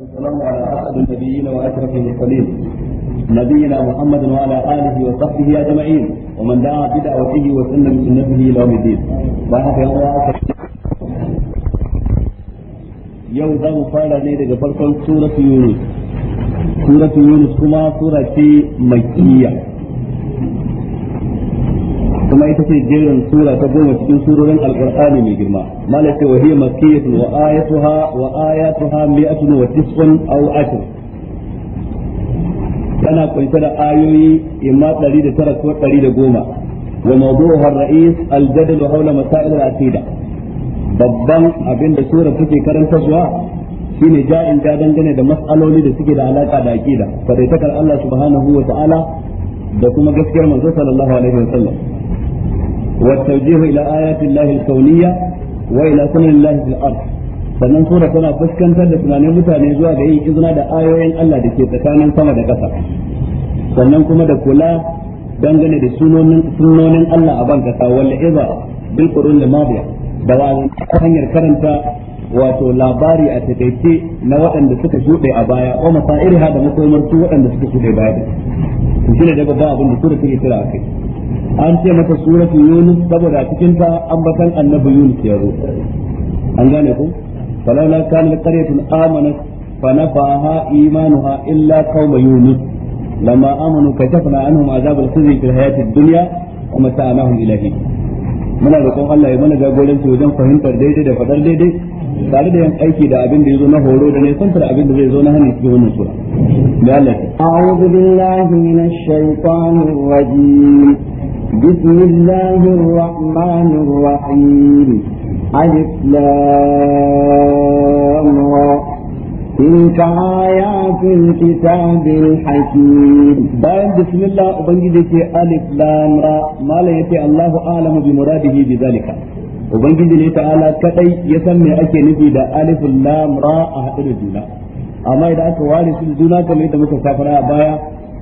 والسلام على أسعد النبيين وأشرف المرسلين نبينا محمد وعلى آله وصحبه أجمعين ومن دعا بدعوته وسن بسنته إلى يوم الدين بارك الله yau za mu fara ne daga farkon suratu yunus suratu yunus kuma sura ce makiyya kuma ita ce jerin sura ta goma cikin surorin alqur'ani mai girma malaka wa hiya makkiyatun wa ayatuha wa ayatuha mi'atun wa tis'un aw ashr tana kunshe da ayoyi imma 109 ko 110 wa mawdu'uha ar-ra'is al-jadal hawla masail al-aqida babban abin da sura take zuwa shine ja'in ja dangane da mas'aloli da suke da alaka da aqida kadaitakar Allah subhanahu wa ta'ala da kuma gaskiyar manzo sallallahu alaihi wa wasallam والتوجيه إلى آيات الله الكونية وإلى سنن الله في الأرض sannan sura tana fuskantar da tunanin mutane zuwa ga yin izina da ayoyin Allah da ke tsakanin sama da ƙasa sannan kuma da kula dangane da sunonin Allah a ban kasa wal iza bil qurun da madiya da wa hanyar karanta wato labari a takaice na waɗanda suka shuɗe a baya wa masairiha da makomar su waɗanda suka shuɗe baya da shi ne da babban abin da sura take kira akai an ce mata suratu yunus saboda cikin ta ambatan annabi yunus ya zo an gane ku falala kana qaryatun amanat fa nafaha imanuha illa qaum yunus لما anhum azab al عذاب fil في ad-dunya wa إلى حين muna da kon Allah ya mana jagoranci wajen fahimtar daidai da fadar daidai tare da yin aiki da abin da yazo na horo da ne santar abin da zai zo na hanin cikin wannan sura da Allah a'udhu billahi minash shaitanir rajim بسم الله الرحمن الرحيم ألف تلك آيات الكتاب الحكيم بعد بسم الله أبنجدك ألف لام را ما لا الله أعلم بمراده بذلك ubangiji ne ta'ala kadai ya san me ake nufi da Alif lam ra a hadu juna amma idan aka ware su juna kamar yadda muka safara a baya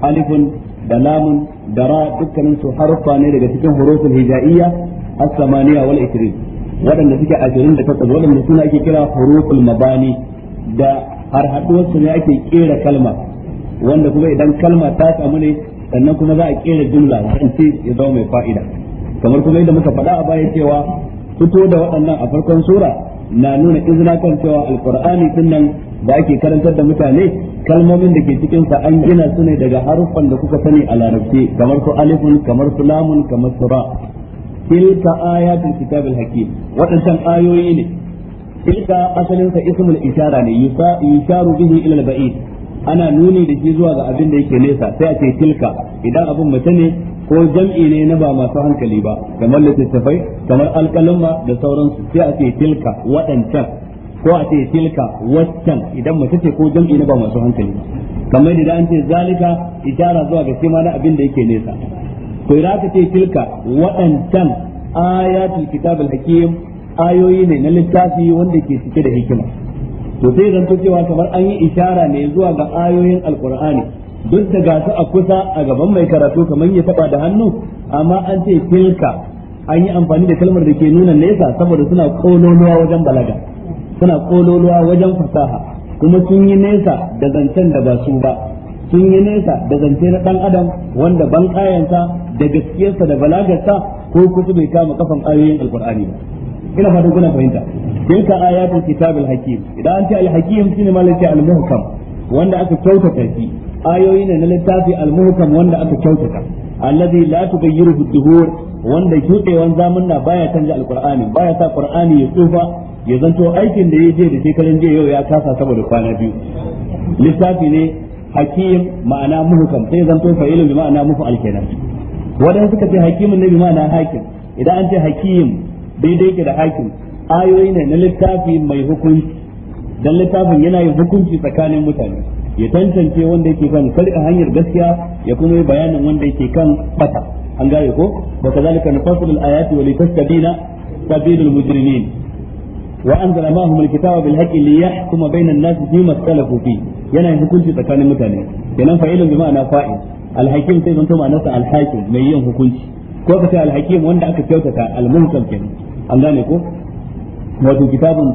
alifun da lamun da ra dukkanin su ne daga cikin huruful hijaiyya as-samaniya wal 20 waɗanda suke 28 waɗanda suna ake kira huruful mabani da har haduwar ne ake kera kalma wanda kuma idan kalma ta samu ne sannan kuma za a kera jumla sai ya zama mai fa'ida kamar kuma yadda muka faɗa a baya cewa fito da waɗannan a farkon sura na nuna izina kan cewa alkur'ani din da ake karantar da mutane kalmomin da ke cikin sa an gina su ne daga haruffan da kuka sani a larabci kamar su alifun kamar su lamun kamar su ra tilka ayatul kitabil hakim waɗancan ayoyi ne tilka asalin sa ismul ishara ne yusharu bihi ila al ana nuni da shi zuwa ga abin da yake nesa sai a ce tilka idan abin mace ne ko jam'i ne na ba masu hankali ba kamar littattafai kamar alƙalamma da sauransu sai a ce tilka waɗancan ko a ce tilka waccan idan mace ce ko jam'i na ba masu hankali kamar yadda an ce zalika ishara zuwa ga ma na abin da yake nesa to idan aka ce tilka waɗancan ayatu kitabul hakim ayoyi ne na littafi wanda ke cike da hikima to sai to cewa kamar an yi ishara ne zuwa ga ayoyin alqur'ani duk da gasu a kusa a gaban mai karatu kamar ya taba da hannu amma an ce tilka an yi amfani da kalmar da ke nuna nesa saboda suna kololuwa wajen balaga suna kololuwa wajen fasaha kuma sun yi nesa da zancen da ba su ba sun yi nesa da zance na ɗan adam wanda ban kayansa da gaskiyarsa da balagarsa ko kusa bai kama kafan ayoyin alkur'ani ba ina fatan kuna fahimta tilka ayatul kitabil hakim idan an ce al hakim shine malaka al muhkam wanda aka kyautata shi ayoyi ne na littafi al muhkam wanda aka kyautata alladhi la tughayyiruhu dhuhur wanda shudewan zaman na baya canja alqur'ani baya sa qur'ani ya tsufa ya zanto aikin da ya je da shekaran jiya yau ya kasa saboda kwana biyu lissafi ne hakim ma'ana muhukam sai ya zanto fa'ilun bi ma'ana mufa'al kenan wadanda suka ce hakimin ne bi ma'ana hakim idan an ce hakim daidai ke da hakim ayoyi ne na littafi mai hukunci dan littafin yana yin hukunci tsakanin mutane ya tantance wanda yake kan sarƙa hanyar gaskiya ya kuma yi bayanin wanda yake kan fata an gane ko wa kazalika nafasul ayati wa litastabina sabilul mujrimin وأنزل معهم الكتاب بالحق ليحكم بين الناس فيما اختلفوا فيه yana yin hukunci tsakanin mutane kenan fa'ilun bi ma'ana fa'il alhakim sai zanto ma'ana sa alhakim mai yin hukunci ko ka alhakim wanda aka kyautata almuhkam kenan an gane ko wato kitabun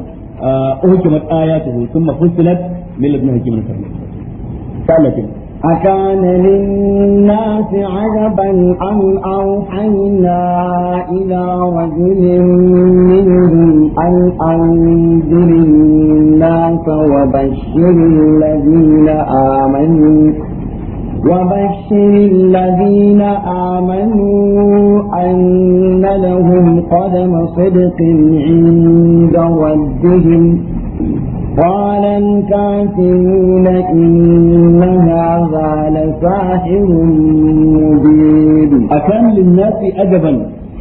uhkimat ayatuhu thumma fussilat min ibn hakim al-karni salatin أكان للناس عجبا أن أوحينا إلى رجل وبشر الذين آمنوا وبشر الذين آمنوا أن لهم قدم صدق عند ربهم قال الكافرون إن هذا لساحر مبين أكان للناس أجبا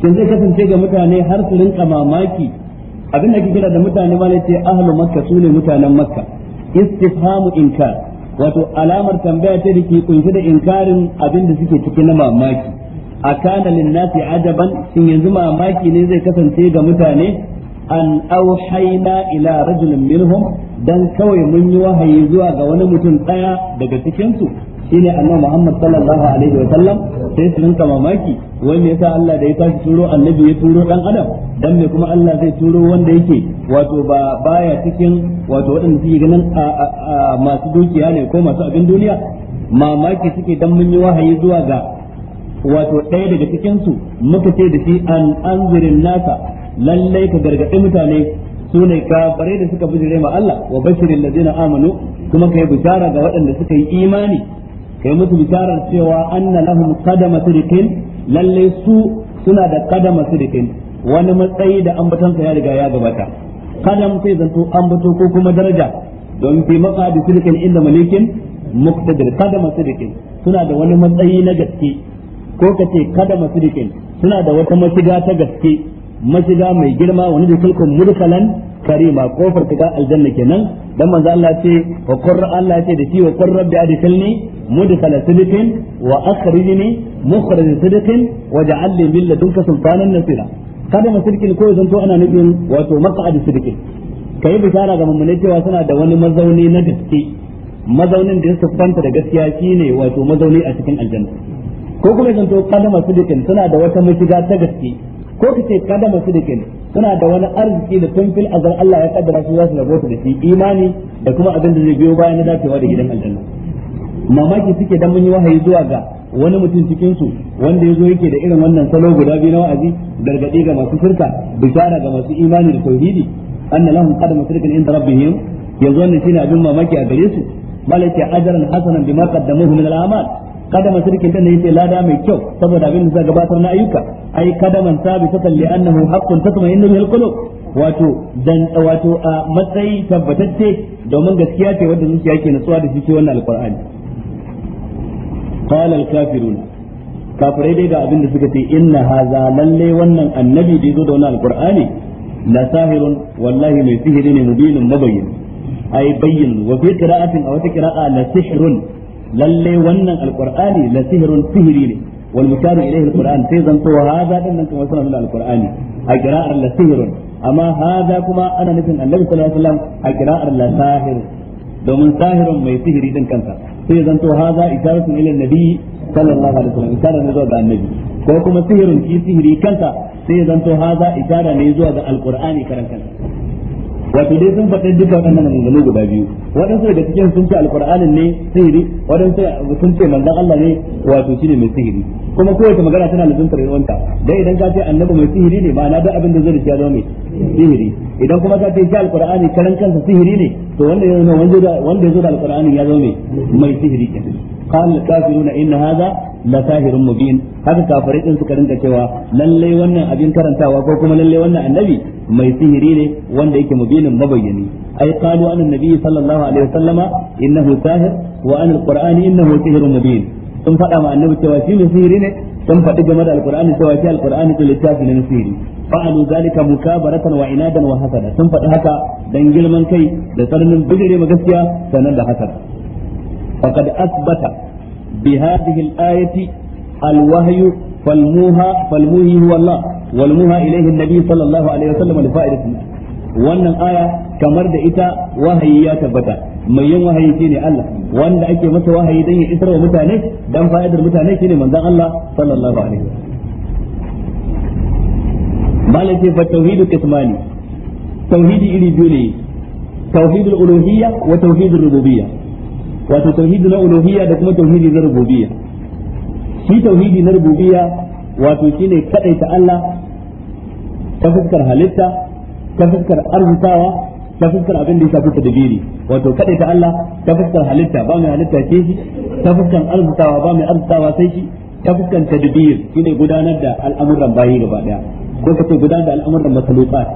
كان زي كفن تيجا متعني حرف لنك ماماكي abin da kira da mutane ma ne ce ahlu makka su ne mutanen makka istifhamu inkar wato alamar tambaya ce da ke kunshe da inkarin abin da suke cikin na mamaki a kana a ajaban shin yanzu mamaki ne zai kasance ga mutane an auhaina ila rajulin minhum dan kawai mun yi wahayi zuwa ga wani mutum daya daga cikin su shine annabi Muhammad sallallahu alaihi wa sallam sai su rinka mamaki wai me yasa Allah da ya tashi turo annabi ya turo dan adam dan me kuma Allah zai turo wanda yake wato ba baya cikin wato waɗanda suke ganin masu dukiya ne ko masu abin duniya mamaki suke dan mun yi wahayi zuwa ga wato ɗaya daga cikin su muka ce da shi an anzirin nasa lallai ka gargaɗi mutane su ne kafare da suka bijire ma Allah wa bashirin ladina amanu kuma kai bishara ga waɗanda suka yi imani kai musu bisharar cewa anna lahum qadama sidiqin lallai su suna da qadama sidiqin wani matsayi da ambatansa ya riga ya gabata qalam sai zanto bato ko kuma daraja don fi da silkin inda malikin muktadir kada sidikin suna da wani matsayi na gaske ko ka ce kada sidikin suna da wata mashiga ta gaske mashiga mai girma wani da silkun mulkalan karima kofar shiga aljanna kenan dan manzo Allah ce wa qurra Allah ce da shi wa qurra bi adkhilni mudkhala sidqin wa akhrijni mukhrij sidqin waj'al li min ladunka sultanan nasira kada mu sirkin ko zanto ana nufin wato maq'ad sirkin kai bishara ga mummune cewa suna da wani mazauni na gaske mazaunin da ya fanta da gaskiya shine wato mazauni a cikin aljanna ko kuma zanto kadama sirkin suna da wata mashiga ta gaske ko kace kadama sirkin suna da wani arziki da tun fil Allah ya kaddara su za su rabo da shi imani da kuma abin da zai biyo bayan na dacewa da gidan aljanna mamaki suke dan mun yi wahayi zuwa ga wani mutum cikin su wanda yazo yake da irin wannan salo guda biyu na wa'azi gargadi ga masu shirka bishara ga masu imani da tauhidi anna lahum qadama shirkin inda rabbihim yanzu wannan shine abin mamaki a gare su malaka ajran hasanan bima qaddamuhu min al-amal kadama shirkin da yake lada mai kyau saboda abin da za gabatar na ayyuka ai kadaman sabitatan li annahu haqqun tatma'innu bihi al-qulub wato dan wato a matsayi tabbatacce domin gaskiya ce wanda zuciya ke nutsuwa da shi wannan alqur'ani qala al-kafirun kafirai dai ga abin da suka ce inna haza lalle wannan annabi da yazo da wannan alqur'ani la wallahi mai sihiri ne mubinin mabayyin ay bayyin wa fi qira'atin a wata qira'a la sihrun lalle wannan alqur'ani la sihrun sihiri ne wal musharu ilayhi alqur'an sai zan to haza din nan kuma sunan alqur'ani a qira'ar la sihrun amma haza kuma ana nufin annabi sallallahu alaihi a qira'ar la sahirun domin sahirin mai sihiri din kansa sai zan to haza isharatun ila nabi sallallahu alaihi wasallam isharar ne zuwa ga annabi ko kuma sihirin ki sihiri kansa sai zan to haza isharar ne zuwa ga alqur'ani karan kansa wato dai sun faɗa duka waɗannan maganganu guda biyu waɗansu daga cikin sun ce alƙur'anin ne sihiri waɗansu sun ce manzon Allah ne wato shine mai sihiri kuma kowace magana tana da zuntar yawanta dai idan ka ce annabi mai sihiri ne ma'ana duk abin da zai ya ne sihiri idan kuma ka ce ji alƙur'ani karan kansa sihiri ne to wanda ya zo da wanda ya zo mai sihiri kenan qala al-kafiruna inna hadha la sahirun mubin haka kafirai din suka rinka cewa lallai wannan abin karantawa ko kuma lalle wannan annabi mai sihiri ne wanda yake mubinin mabayyani ai qalu an annabi sallallahu alaihi wasallama innahu sahir wa an al-qur'ani innahu sihrun mubin sun faɗa ma annabi cewa shi sihiri ne sun faɗi game da alqur'ani cewa shi alqur'ani ko littafi ne na sihiri fa'alu zalika mukabaratan wa inadan wa hasada sun faɗi haka dan girman kai da tsananin bijire ma gaskiya sanan da hasada فقد أثبت بهذه الآية الوهي فالموها فالموهي هو الله والموها إليه النبي صلى الله عليه وسلم لفائدة aya kamar da ita wahayi ya tabbata mai yin wahayi shine Allah wanda ake masa wahayi dan ya isar wa mutane dan fa'idar mutane shine manzon Allah sallallahu alaihi wasallam malaka fa tauhidu kismani tauhidi iri biyu ne uluhiyya wa tauhidul rububiyya wato tauhidi na uluhiyya da kuma tauhidi na rububiyya shi tauhidi na rububiyya wato shine kadaita Allah ta fuskar halitta ta fuskar arzikawa ta fuskar abin da ya shafi tadbiri wato kadaita Allah ta fuskar halitta ba mai halitta ce shi ta fuskar arzikawa ba mai arzikawa sai shi ta fuskar tadbir shine gudanar da al'amuran bayi gaba daya ko kace gudanar da al'amuran makhluqat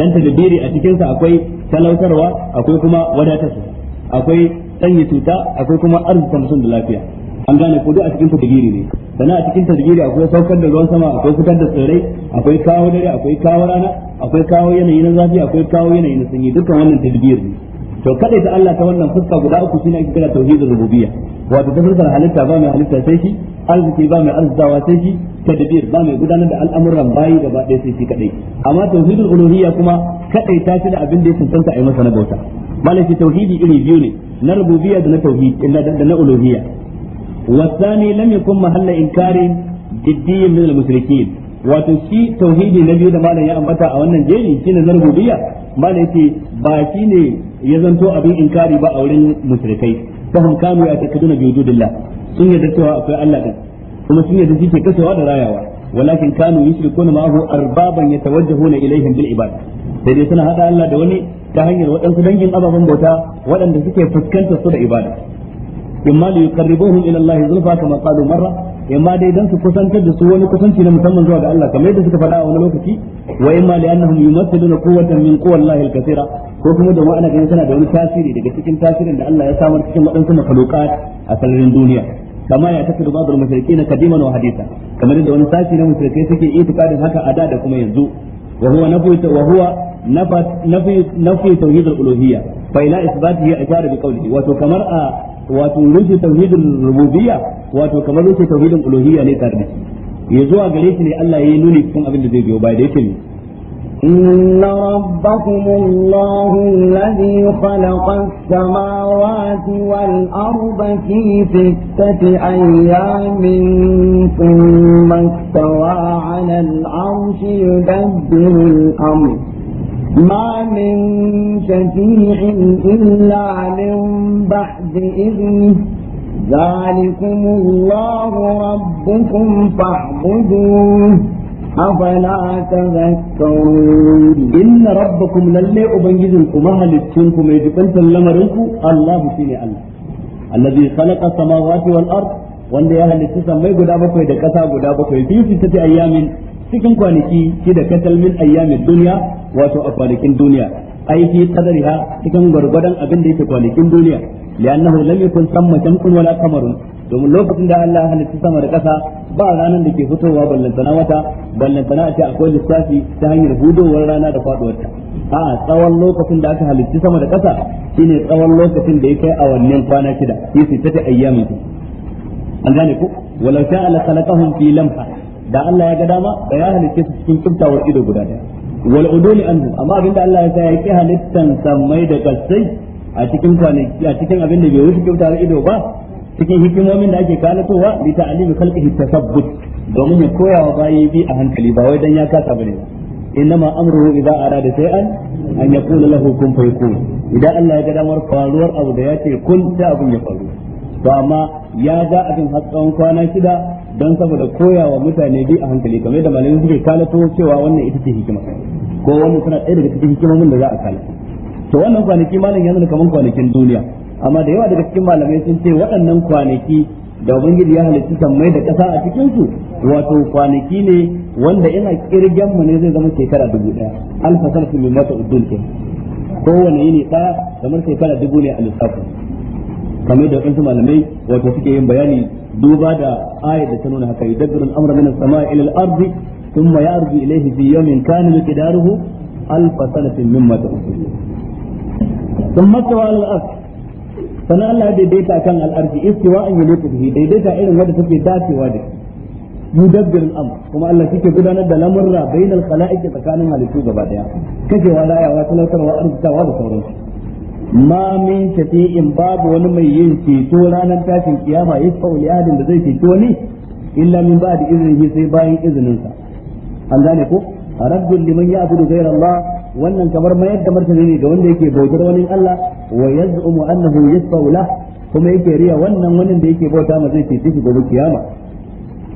dan tadbiri a cikin sa akwai talautarwa akwai kuma wadatarwa akwai sanya cuta akwai kuma arzikin mutum da lafiya an gane ko a cikin tadgiri ne sannan a cikin tadgiri akwai saukar da ruwan sama akwai fitar da tsirrai akwai kawo dare akwai kawo rana akwai kawo yanayi na zafi akwai kawo yanayi na sanyi dukkan wannan tadgiri ne to kada da Allah ta wannan fuska guda uku shine ake kira tauhidul rububiyya wato ta fuskar halitta ba mai halitta sai shi arziki ba mai arzikawa sai shi tadbir ba mai gudanar da al'amuran bayi gaba ɗaya sai shi kadai amma tauhidul uluhiyya kuma kadai ta shi da abin da ya tantance a yi masa na bauta malaki tauhidi iri biyu ne na rububiyya da na tauhid da na uluhiyya والثاني لم يكن محل إنكار جدي من المشركين wato shi tauhidi na biyu da malam ya ambata a wannan jeri shine na rububiyya malam yace ba ne ya zanto abin inkari ba a wurin mushrikai Fahim kanu ya takaduna bi wujudillah sun yarda cewa akwai Allah din kuma sun yarda shi ke kasewa da rayawa walakin kanu yushrikuna ma'ahu arbaban yatawajjahuna ilaihim bil ibad sai dai suna hada Allah da wani ta hanyar waɗansu dangin ababen bauta waɗanda suke fuskantar su da ibada imma li yuqarribuhum ila Allah zulfa kama qalu marra imma dai dan su kusantar da su wani kusanci na musamman zuwa ga Allah kamar yadda suka faɗa a wani lokaci wa imma li annahum yumassiluna quwwatan min quwwallahi al-kathira ko kuma da ana ganin suna da wani tasiri daga cikin tasirin da Allah ya samar cikin waɗansu makhluqat a sararin duniya kama ya tafi ba'd al-mushrikin kadiman wa hadisa kamar yadda wani sashi na mushrikai suke itikadin haka a da da kuma yanzu wa huwa nafi wa huwa nafi nafi tauhid al-uluhiyya fa ila isbatihi ashara bi qawlihi wato kamar a wato rushe tauhidin rububiyya wato kamar rushe tauhidin uluhiyya ne tare da ya zuwa gare shi ne Allah ya yi nuni cikin abin da zai biyo baya da yake ne إن ربكم الله الذي خلق السماوات والأرض في ستة أيام ثم استوى على العرش يدبر الأمر ما من شفيع إلا من بعد إذنه ذلكم الله ربكم فاعبدوه أفلا تذكرون إن ربكم للي أبنجزكم أهلتكم يجبنت لمركم الله فيني الله الذي خلق السماوات والأرض wanda ya halitta sammai guda bakwai da ƙasa guda bakwai biyu su tafi ayyamin cikin kwanaki shi da katal min ayyamin duniya wato a kwanakin duniya aiki kadari ha cikin gwargwadon abin da yake kwanakin duniya li'annahu lam yakun samma shamsun wala qamarun domin lokacin da Allah halitta sama da ƙasa ba ranar da ke fitowa ballantana wata ballantana a ce akwai lissafi ta hanyar hudowar rana da ta a tsawon lokacin da aka halitta sama da ƙasa shine tsawon lokacin da ya kai awannin kwana shida yasi ta ayyamin an gane ku walau sha'a khalaqahum fi lamha da Allah ya ga dama da ya halitta su cikin kibtawar ido guda daya wal udul anhu amma abinda Allah ya sa ya ki halittan sammai da kasai a cikin kwanaki a cikin abin da bai wuce kyautar ido ba cikin hikimomin da ake kalatowa bi ta'limi khalqihi tasabbut domin ya koya wa bayi bi a hankali ba wai dan ya kasa bane innama amruhu idza arada shay'an an yaqula lahu kun fayakun idan Allah ya ga damar faruwar abu da ya ce kun ta abun ya faru to amma ya ga abin har tsawon kwana shida don saboda koyawa mutane bi a hankali kamar da malamin suke kalato cewa wannan ita ce hikima ko wannan tana ɗaya daga cikin hikimomin da za a kala to wannan kwanaki malam yana da kamar kwanakin duniya amma da yawa daga cikin malamai sun ce waɗannan kwanaki da ubangiji ya halitta mai da ƙasa a cikin su wato kwanaki ne wanda ina kirgen mu ne zai zama shekara dubu ɗaya alfa sarfin min mata uddun ke kowane yini ɗaya kamar shekara dubu ne a lissafi kamar da wadansu malamai wato suke yin bayani duba da ayat da ta nuna haka yi al-amra min as-sama'i ila al-ardi thumma yarji ilayhi fi yawmin kana miqdaruhu alf sanatin mimma ta'udun thumma tawa al-arsh sannan Allah ya daidaita kan al-ardi yi yuliku bihi daidaita irin wanda take dacewa da يدبر الامر كما الله كيك غدانا ده لمرة بين الخلائق تكانن على سوق بعدها كجوا لا wa واتلو ترى وارد توا ma min shafi'in babu wani mai yin ceto ranar tashin kiyama ya fa wali da zai ceto wani illa min ba da izini sai bayan izinin sa an gane ko raddul liman ya'budu ghayra Allah wannan kamar mayar da martani ne ga wanda yake bautar wani Allah wa yaz'umu annahu yasfa'u lah kuma yake riya wannan wani da yake bauta ma zai cece shi gobe kiyama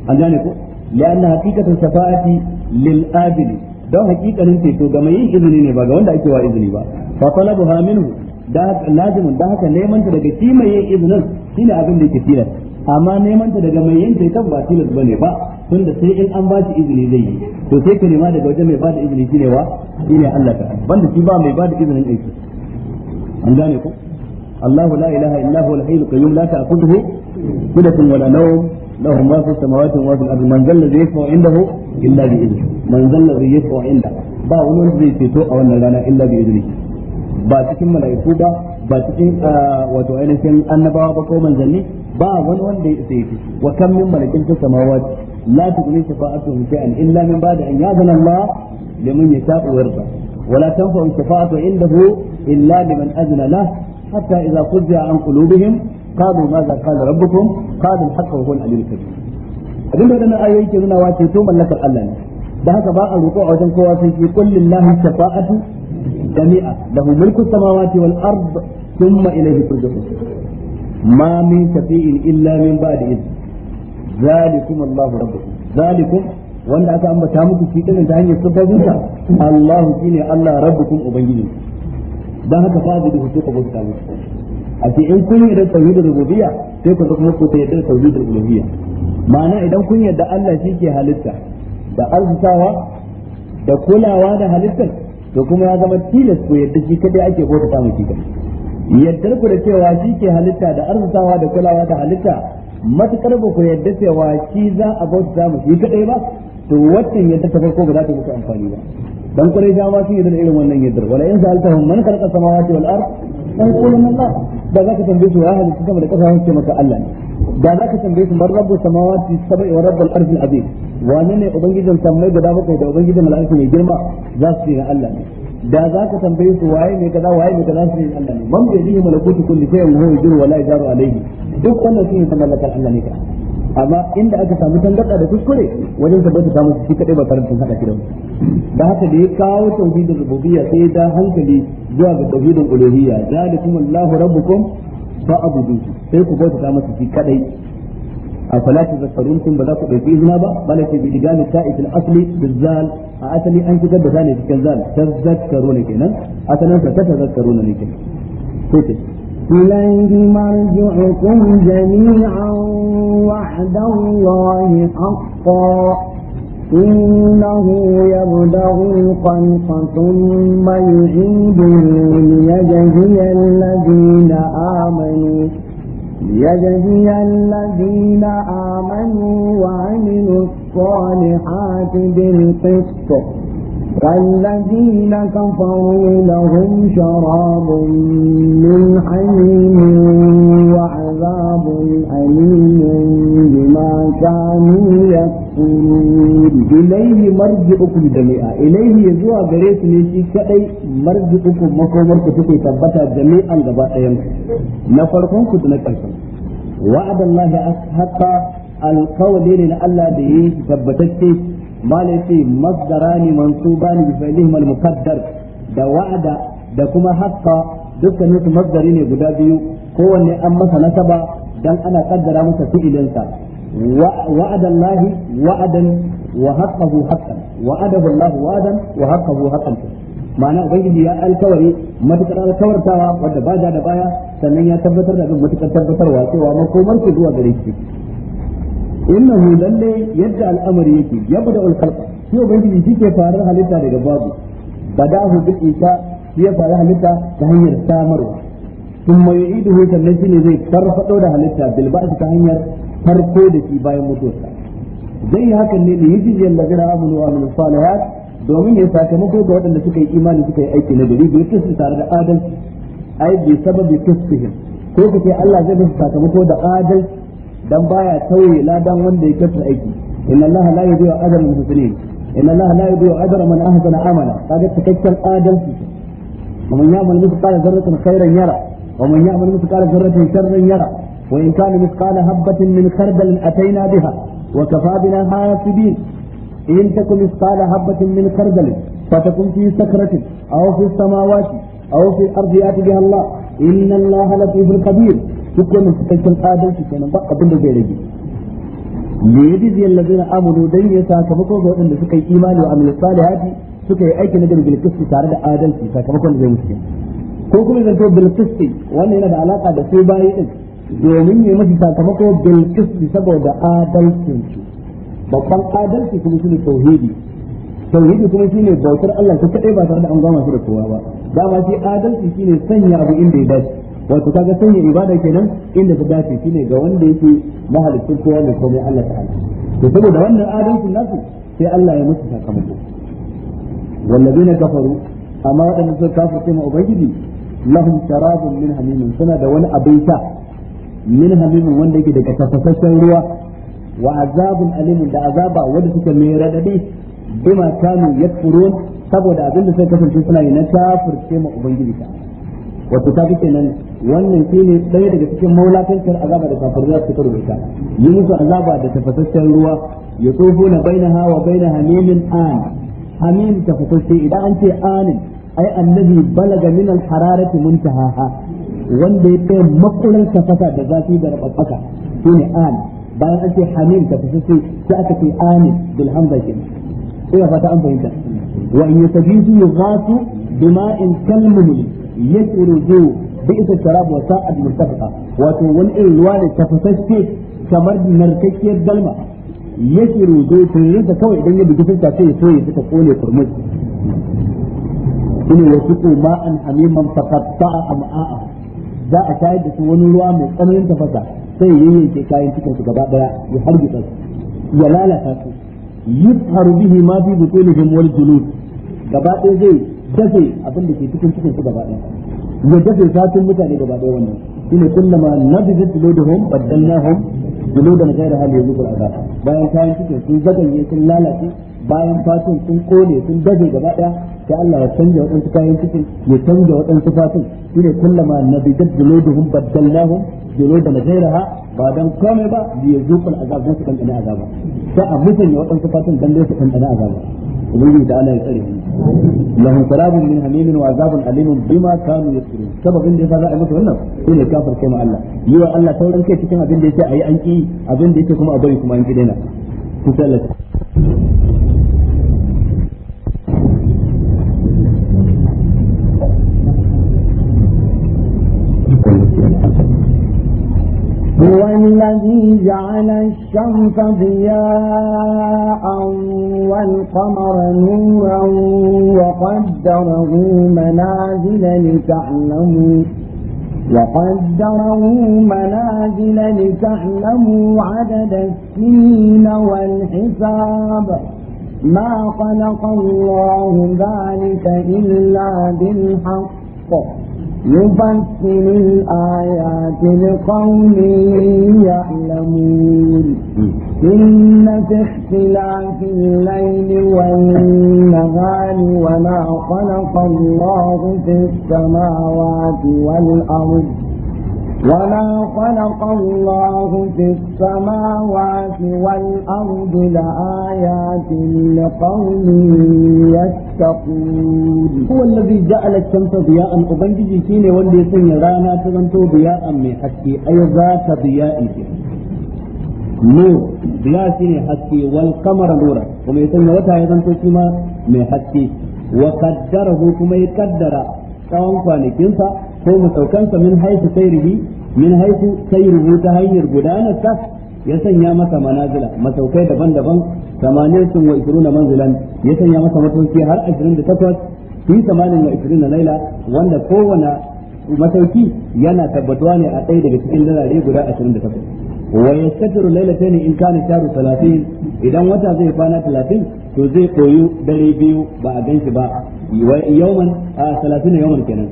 an gane ko لأن حقيقة الشفاعة للآبل don hakikanin ceto ga mai yin izini ne ba ga wanda ake wa izini ba fa talabuha minhu da lazimin da haka neman ta daga shi mai yin izinin shine abin da yake tilas amma neman ta daga mai yin ta kan ba tilas ne ba tun da sai in an ba shi izini zai yi to sai ka nema daga wajen mai ba da izini shi ne wa shine Allah ta banda shi ba mai ba da izinin aiki an gane ku Allahu la ilaha illa huwa al-hayyul qayyum la ta'khudhuhu sinatun wala nawm له ما في السماوات وما في الارض من ذا الذي يشفع عنده الا باذنه من ذا الذي يشفع عنده ba wani zai ceto a wannan rana illa bi izini ba cikin mala'iku ba ba cikin ah, wato ainihin annabawa ba ko manzanni ba wani wanda ya sai wa kan min malakin ta samawati la tughni shafa'atuhum shay'an illa min ba'di an ya'zana Allah liman yasha'u shafa'atu ولا تنفع الشفاعة عنده إلا لمن أذن له حتى إذا فزع عن قلوبهم قالوا ماذا قال ربكم قالوا الحق وهو العلي الكبير abinda wadannan ayoyi ke nuna wa to mallakar Allah ne da haka ba a roƙo a wajen kowa sai ke kullin lahi shafa'atu جميعا له ملك السماوات والأرض ثم إليه ترجعون ما من شفيع إلا من بعد إذن ذلكم الله ربكم ذلكم wanda aka ambata muku shi din ta hanyar sabbabinsa Allah ne Allah rabbukum ubangiji dan haka fa da hutu ka bauta muku a ce in kun yarda tauhidul rububiyya sai ku kuma ku yarda tauhidul uluhiyya ma'ana idan kun yarda Allah shi ke halitta da arzikawa da kulawa da halittar to kuma ya zama tilas ko yadda shi kadai ake bauta ta mutika kadai yaddar ku da cewa shi ke halitta da arzutawa da kulawa da halitta matukar ba ku yadda cewa shi za a bauta ta miki kadai ba to watan yadda ta farko ba za ta kusa amfani ba dan kurai ja ma sun yadda irin wannan yaddar wala in sa'altahum man khalaqa samawati wal ard dan kullun Allah ba za ka tambaye su ya halitta sama da kasa ce maka Allah ne da za ka tambaye su man rabbu samawati sab'i wa rabbul arshi azim wane ne ubangijin sammai guda bakwai da ubangijin al'arshi mai girma za su yi ce Allah ne da za ka tambaye su waye ne kaza waye ne kaza su ne Allah ne man bi yadihi malakutu kulli shay'in wa huwa yajiru wa la yajaru alayhi duk wannan shine mallakar Allah ne ka amma inda aka samu tangarda da kuskure wajen tabbata ta musu shi kadai ba karanta hada shi da da haka da ya kawo tauhidin rububiyya sai da hankali zuwa ga tauhidin uluhiyya zalikum Allahu rabbukum fa abudu sai ku bauta masa shi kadai أفلا تذكرون كن بذاك بإذنا با بل في بإدغام التاء في الأصل بالزال أتني أنت جب ذلك كالزال تذكرون كنا أتنا فتتذكرون كنا إليه مرجعكم جميعا وعد الله حقا إنه يبدأ الخلق ثم يعيده بالقسط والذين كفروا لهم شراب من حميم وعذاب أليم بما كانوا يكفرون إليه مرجعكم جميعا إليه يجوى غريت نشي كأي مرجعكم مكومركم تكي تبتا جميعا غباء نفركم كنت نكالكم وعد الله أسحق القول لألا به ثبتت malaki masdarani mansubani bi fi'lihim al-muqaddar da wa'ada da kuma haqqa dukkanin su ne guda biyu kowanne an masa nasaba dan ana kaddara masa fi'ilinsa وعد الله وعدا وحقه حقا وعده الله وعدا وحقه حقا ma'ana ubangiji ya alkawari matukar alkawartawa wadda ba da baya sannan ya tabbatar da abin matukar tabbatarwa cewa makomar ke zuwa gare shi innahu lalle yadda al'amari yake yabda ul khalqa shi ubangiji shi ke farar halitta daga babu badahu bil isa shi ya fara halitta ta hanyar samarwa kuma yu'iduhu sannan shi ne zai farfado da halitta bil ba'th ta hanyar farko da shi bayan mutuwarsa zai yi hakan ne da yiji yalla zira amanu wa amanu salihat domin ya sakamako ga waɗanda suka yi imani suka yi aiki na gari bai kisu tare da adalci ai bi sababi kisfihim ko kace Allah zai musu sakamako da adalci dan baya tauye ladan wanda ya kyautar aiki inna allaha la yudhi'u ajra al-muhsinin inna allaha la yudhi'u ajra man ahsana amala kaga cikakken adalci ومن يعمل مثقال ذرة خيرا يرى ومن يعمل مثقال ذرة شرا يرى وإن كان مثقال هبة من خردل أتينا بها وكفى بنا حاسبين إن تكن مثقال هبة من خردل فتكن في سكرة أو في السماوات أو في الأرض يأتي بها الله إن الله لطيف خبير duk wannan cikakken adalci kenan ba abin da zai rage li yajzi allazina amanu dan ya sakamako ga waɗanda suka yi imani wa amilu salihati suka yi aiki na jirgin bilkisti tare da adalci sakamakon da zai musu ko kuma zanto bil qisti wannan yana da alaka da sai bayi din domin ya mafi sakamako bil qisti saboda adalcin su babban adalci kuma ne tauhidi tauhidi kuma ne bautar Allah ta kaɗai ba tare da an gama su da kowa ba dama shi adalci shine sanya abu inda ya dace wato kaga sanya ibada kenan inda ta dace shine ga wanda yake mahalicin kowa ne komai Allah ta'ala to saboda wannan adalcin nasu sai Allah ya musu sakamako wallazina kafaru amma wadanda suka kafirce ma ubangiji lahum sharabun min hamimin suna da wani abin sha min hamimin wanda yake daga tafasasshen ruwa wa azabun alimin da azaba wanda suka mai radadi bima kanu yakfurun saboda abinda da kasance suna yi na kafirce ma ubangiji ta'ala wato ta kike nan wannan shine ɗaya daga cikin maulakancin azaba da kafir za su rubuta yi musu azaba da tafasasshen ruwa ya tsofo na bainaha hawa baina hamimin an hamim tafasasshe idan an ce anin ai annabi balaga min al-hararati muntahaha wanda ya kai makulan tafasa da zafi da rababbaka shine an bayan an ce hamim tafasasshe sai aka ce anin bil hamza kenan ina fata an fahimta wa in yastajidu yughasu bima'in kalmumuli yasruju bi isa sharab wa sa'ad mustafa wato wani irin ruwa ne tafasashe kamar narkakkiyar dalma yasruju turin da kawai idan ya bugi fuska sai ya soye ta kone kurmus in yasiqu ma'an hamiman faqatta'a am'a'a za a tayar da su wani ruwa mai tsananin tafasa sai ya yanke kayan cikin su gaba daya ya hargitsa su ya lalata su yutharu bihi ma fi butunihim wal julud gaba ɗaya zai dafe abin da ke cikin cikin su gaba ɗaya ya dafe fatin mutane gaba ɗaya wannan shine kullama nabizat juluduhum baddalnahum juludan ghayra hal yuzuqul azab bayan kayan cikin sun zagaye sun lalace bayan fatun sun kone sun daje gaba daya sai Allah ya canja waɗansu kayan cikin ya canja waɗansu fatun shine kullama nabidat juluduhum baddalnahum juludan ghayraha ba dan komai ba bi yuzuqul azab dan kan ina azaba sai a ya waɗansu fatun dan dai su kan ina azaba ubangiji da Allah ya tsare lahum min hamimin wa azabun alimun bima kanu sababin da yasa za a yi musu wannan ne kafir kai ma Allah yi wa Allah kai cikin abin da yake ayi an ki abin da yake kuma a bari kuma an ki daina ku sallata هو الذي جعل الشمس ضياء والقمر نورا وقدره منازل لتعلموا وقدره منازل لتعلموا عدد السنين والحساب ما خلق الله ذلك إلا بالحق يفسر الآيات لقوم يعلمون إن في اختلاف الليل والنهار وما خلق الله في السماوات والأرض وما خلق الله في السماوات والأرض لآيات لقوم يتقون هو الذي جعل الشمس ضياء أبنجي كيني وندي سن رانا تغنتو ضياء من حكي أي ذات ضياء نور ضياء كيني حكي والقمر نورا وما يسن وتا يغنتو كيما من حكي وقدره كما يقدر tsawon kwanakinsa ko masaukansa min haifu sayrihi min haifu sayrihi ta hanyar ta ya sanya masa manazila masaukai daban-daban samanin sun wa isruna manzilan ya sanya masa matauki har ashirin da takwas fi samanin wa isruna laila wanda kowane matauki yana tabbatuwa ne a ɗaya daga cikin dalare guda ashirin da 28 wa yastatiru lailatayn in kana sharu 30 idan wata zai kwana 30 to zai koyu dare biyu ba a gan shi ba yawman a 30 yawman kenan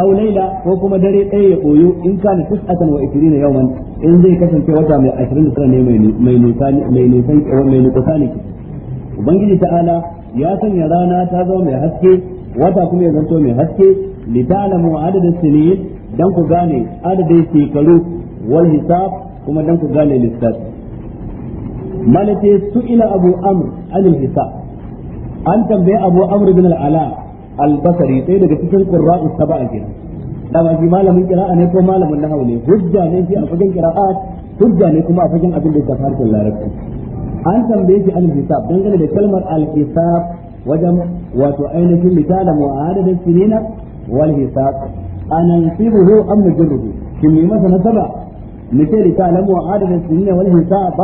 aw laila ko kuma dare ɗaya ya koyo in kana tis'atan wa 20 yawman in zai kasance wata mai 29 ne mai mai nisani mai nisan mai nisani ubangiji ta'ala ya sanya rana ta zama mai haske wata kuma ya zanto mai haske li ta'lamu adadin sinin dan ku gane adadin shekaru wal hisab kuma dan ku gane lissafi su su'ila abu amr anil hisab an tambaye abu amr bin al-ala al-basri sai daga cikin qurra'u saba'a kenan dama shi malamin qira'a ne ko malamin nahwu ne hujja ne shi a fagen qira'at hujja ne kuma a fagen abin da ya shafi harkar larabci an tambaye shi al-hisab dangane da kalmar al-hisab wajen wato ainihin misalan wa adadin sinina wal hisab anansibuhu am najruhu shin me masa nasaba mutai litalam wa adadin sinina wal hisab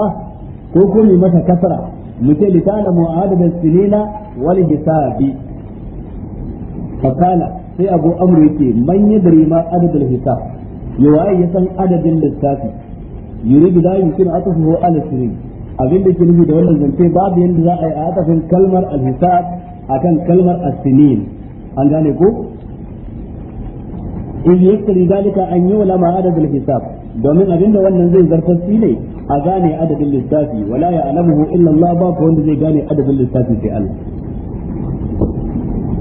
ko ko me masa kasara mutai litalam wa adadin sinina wal hisabi fakala sai abu amru yake man yadri ma adadul hisab yawai ya san adadin lissafi yuridu la yumkinu atfuhu ala sirin abin da ke nufi da wannan zance babu yadda za a yi a atafin kalmar al akan kalmar as an gane ko in yakri dalika an yi wala ma adadul hisab domin abinda wannan zai zartar shi ne a gane adadin lissafi wala ya alamuhu illa Allah ba ko wanda zai gane adadin lissafi sai Allah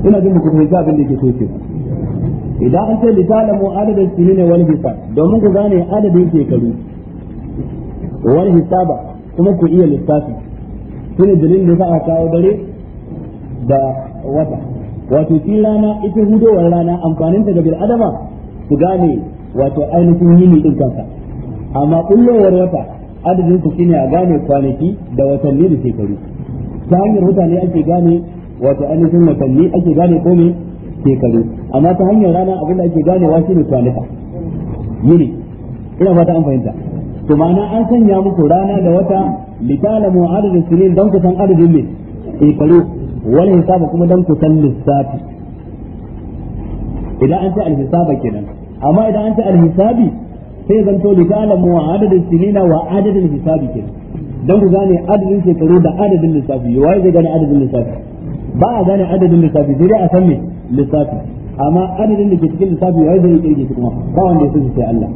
ina jin muku fahimci abin da yake so ke idan an ce litalamu adadin ne wani hisab domin ku gane adadin shekaru wani hisaba kuma ku iya lissafi shine dalilin da za a kawo dare da wata wato cikin rana ita hudowar rana amfanin ta ga bil adama ku gane wato ainihin yini din kansa amma kullowar wata adadin ku shine a gane kwanaki da watanni da shekaru ta hanyar mutane ake gane wato ainihin watanni ake gane ko me shekaru amma ta hanyar rana abin da ake ganewa ne kwanuka yini ina fata an fahimta to ma'ana an sanya muku rana da wata litalamu adadin sinin don ku san adadin ne shekaru wani hisaba kuma don ku san lissafi idan an ce alhisaba kenan amma idan an ce alhisabi sai zan to zanto litalamu adadin sinina wa adadin hisabi kenan don ku gane adadin shekaru da adadin lissafi waye zai gane adadin lissafi ba a gane adadin lissafi sai dai a san me lissafi amma adadin da ke cikin lissafi wai zai kirge shi kuma ba wanda ya sani sai Allah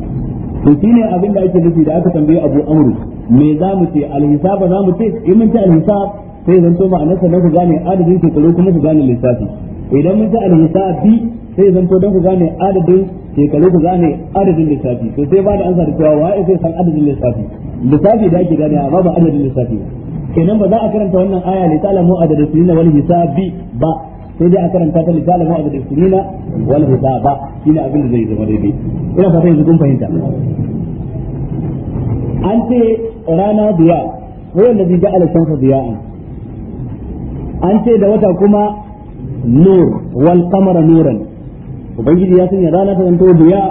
to shine abin da ake nufi da aka tambaye Abu Amr me za mu ce alhisaba za mu ce in mun ce alhisab sai zan to ma'anar sa ku gane adadin shekaru kuma ku gane lissafi idan mun ce bi sai zan to don ku gane adadin shekaru ku gane adadin lissafi to sai ba da ansa da cewa wai sai san adadin lissafi lissafi da ake gane amma ba adadin lissafi ba kenan ba za a karanta wannan aya li ta'lamu adada sunna wal hisabi ba sai dai a karanta ta li ta'lamu adada sunna wal hisaba shine abin da zai zama daidai ina fata yanzu kun fahimta an ce rana biya wayan da ja'ala shamsa biya'an an ce da wata kuma nur wal qamara nuran ubangiji ya sanya rana ta zanto biya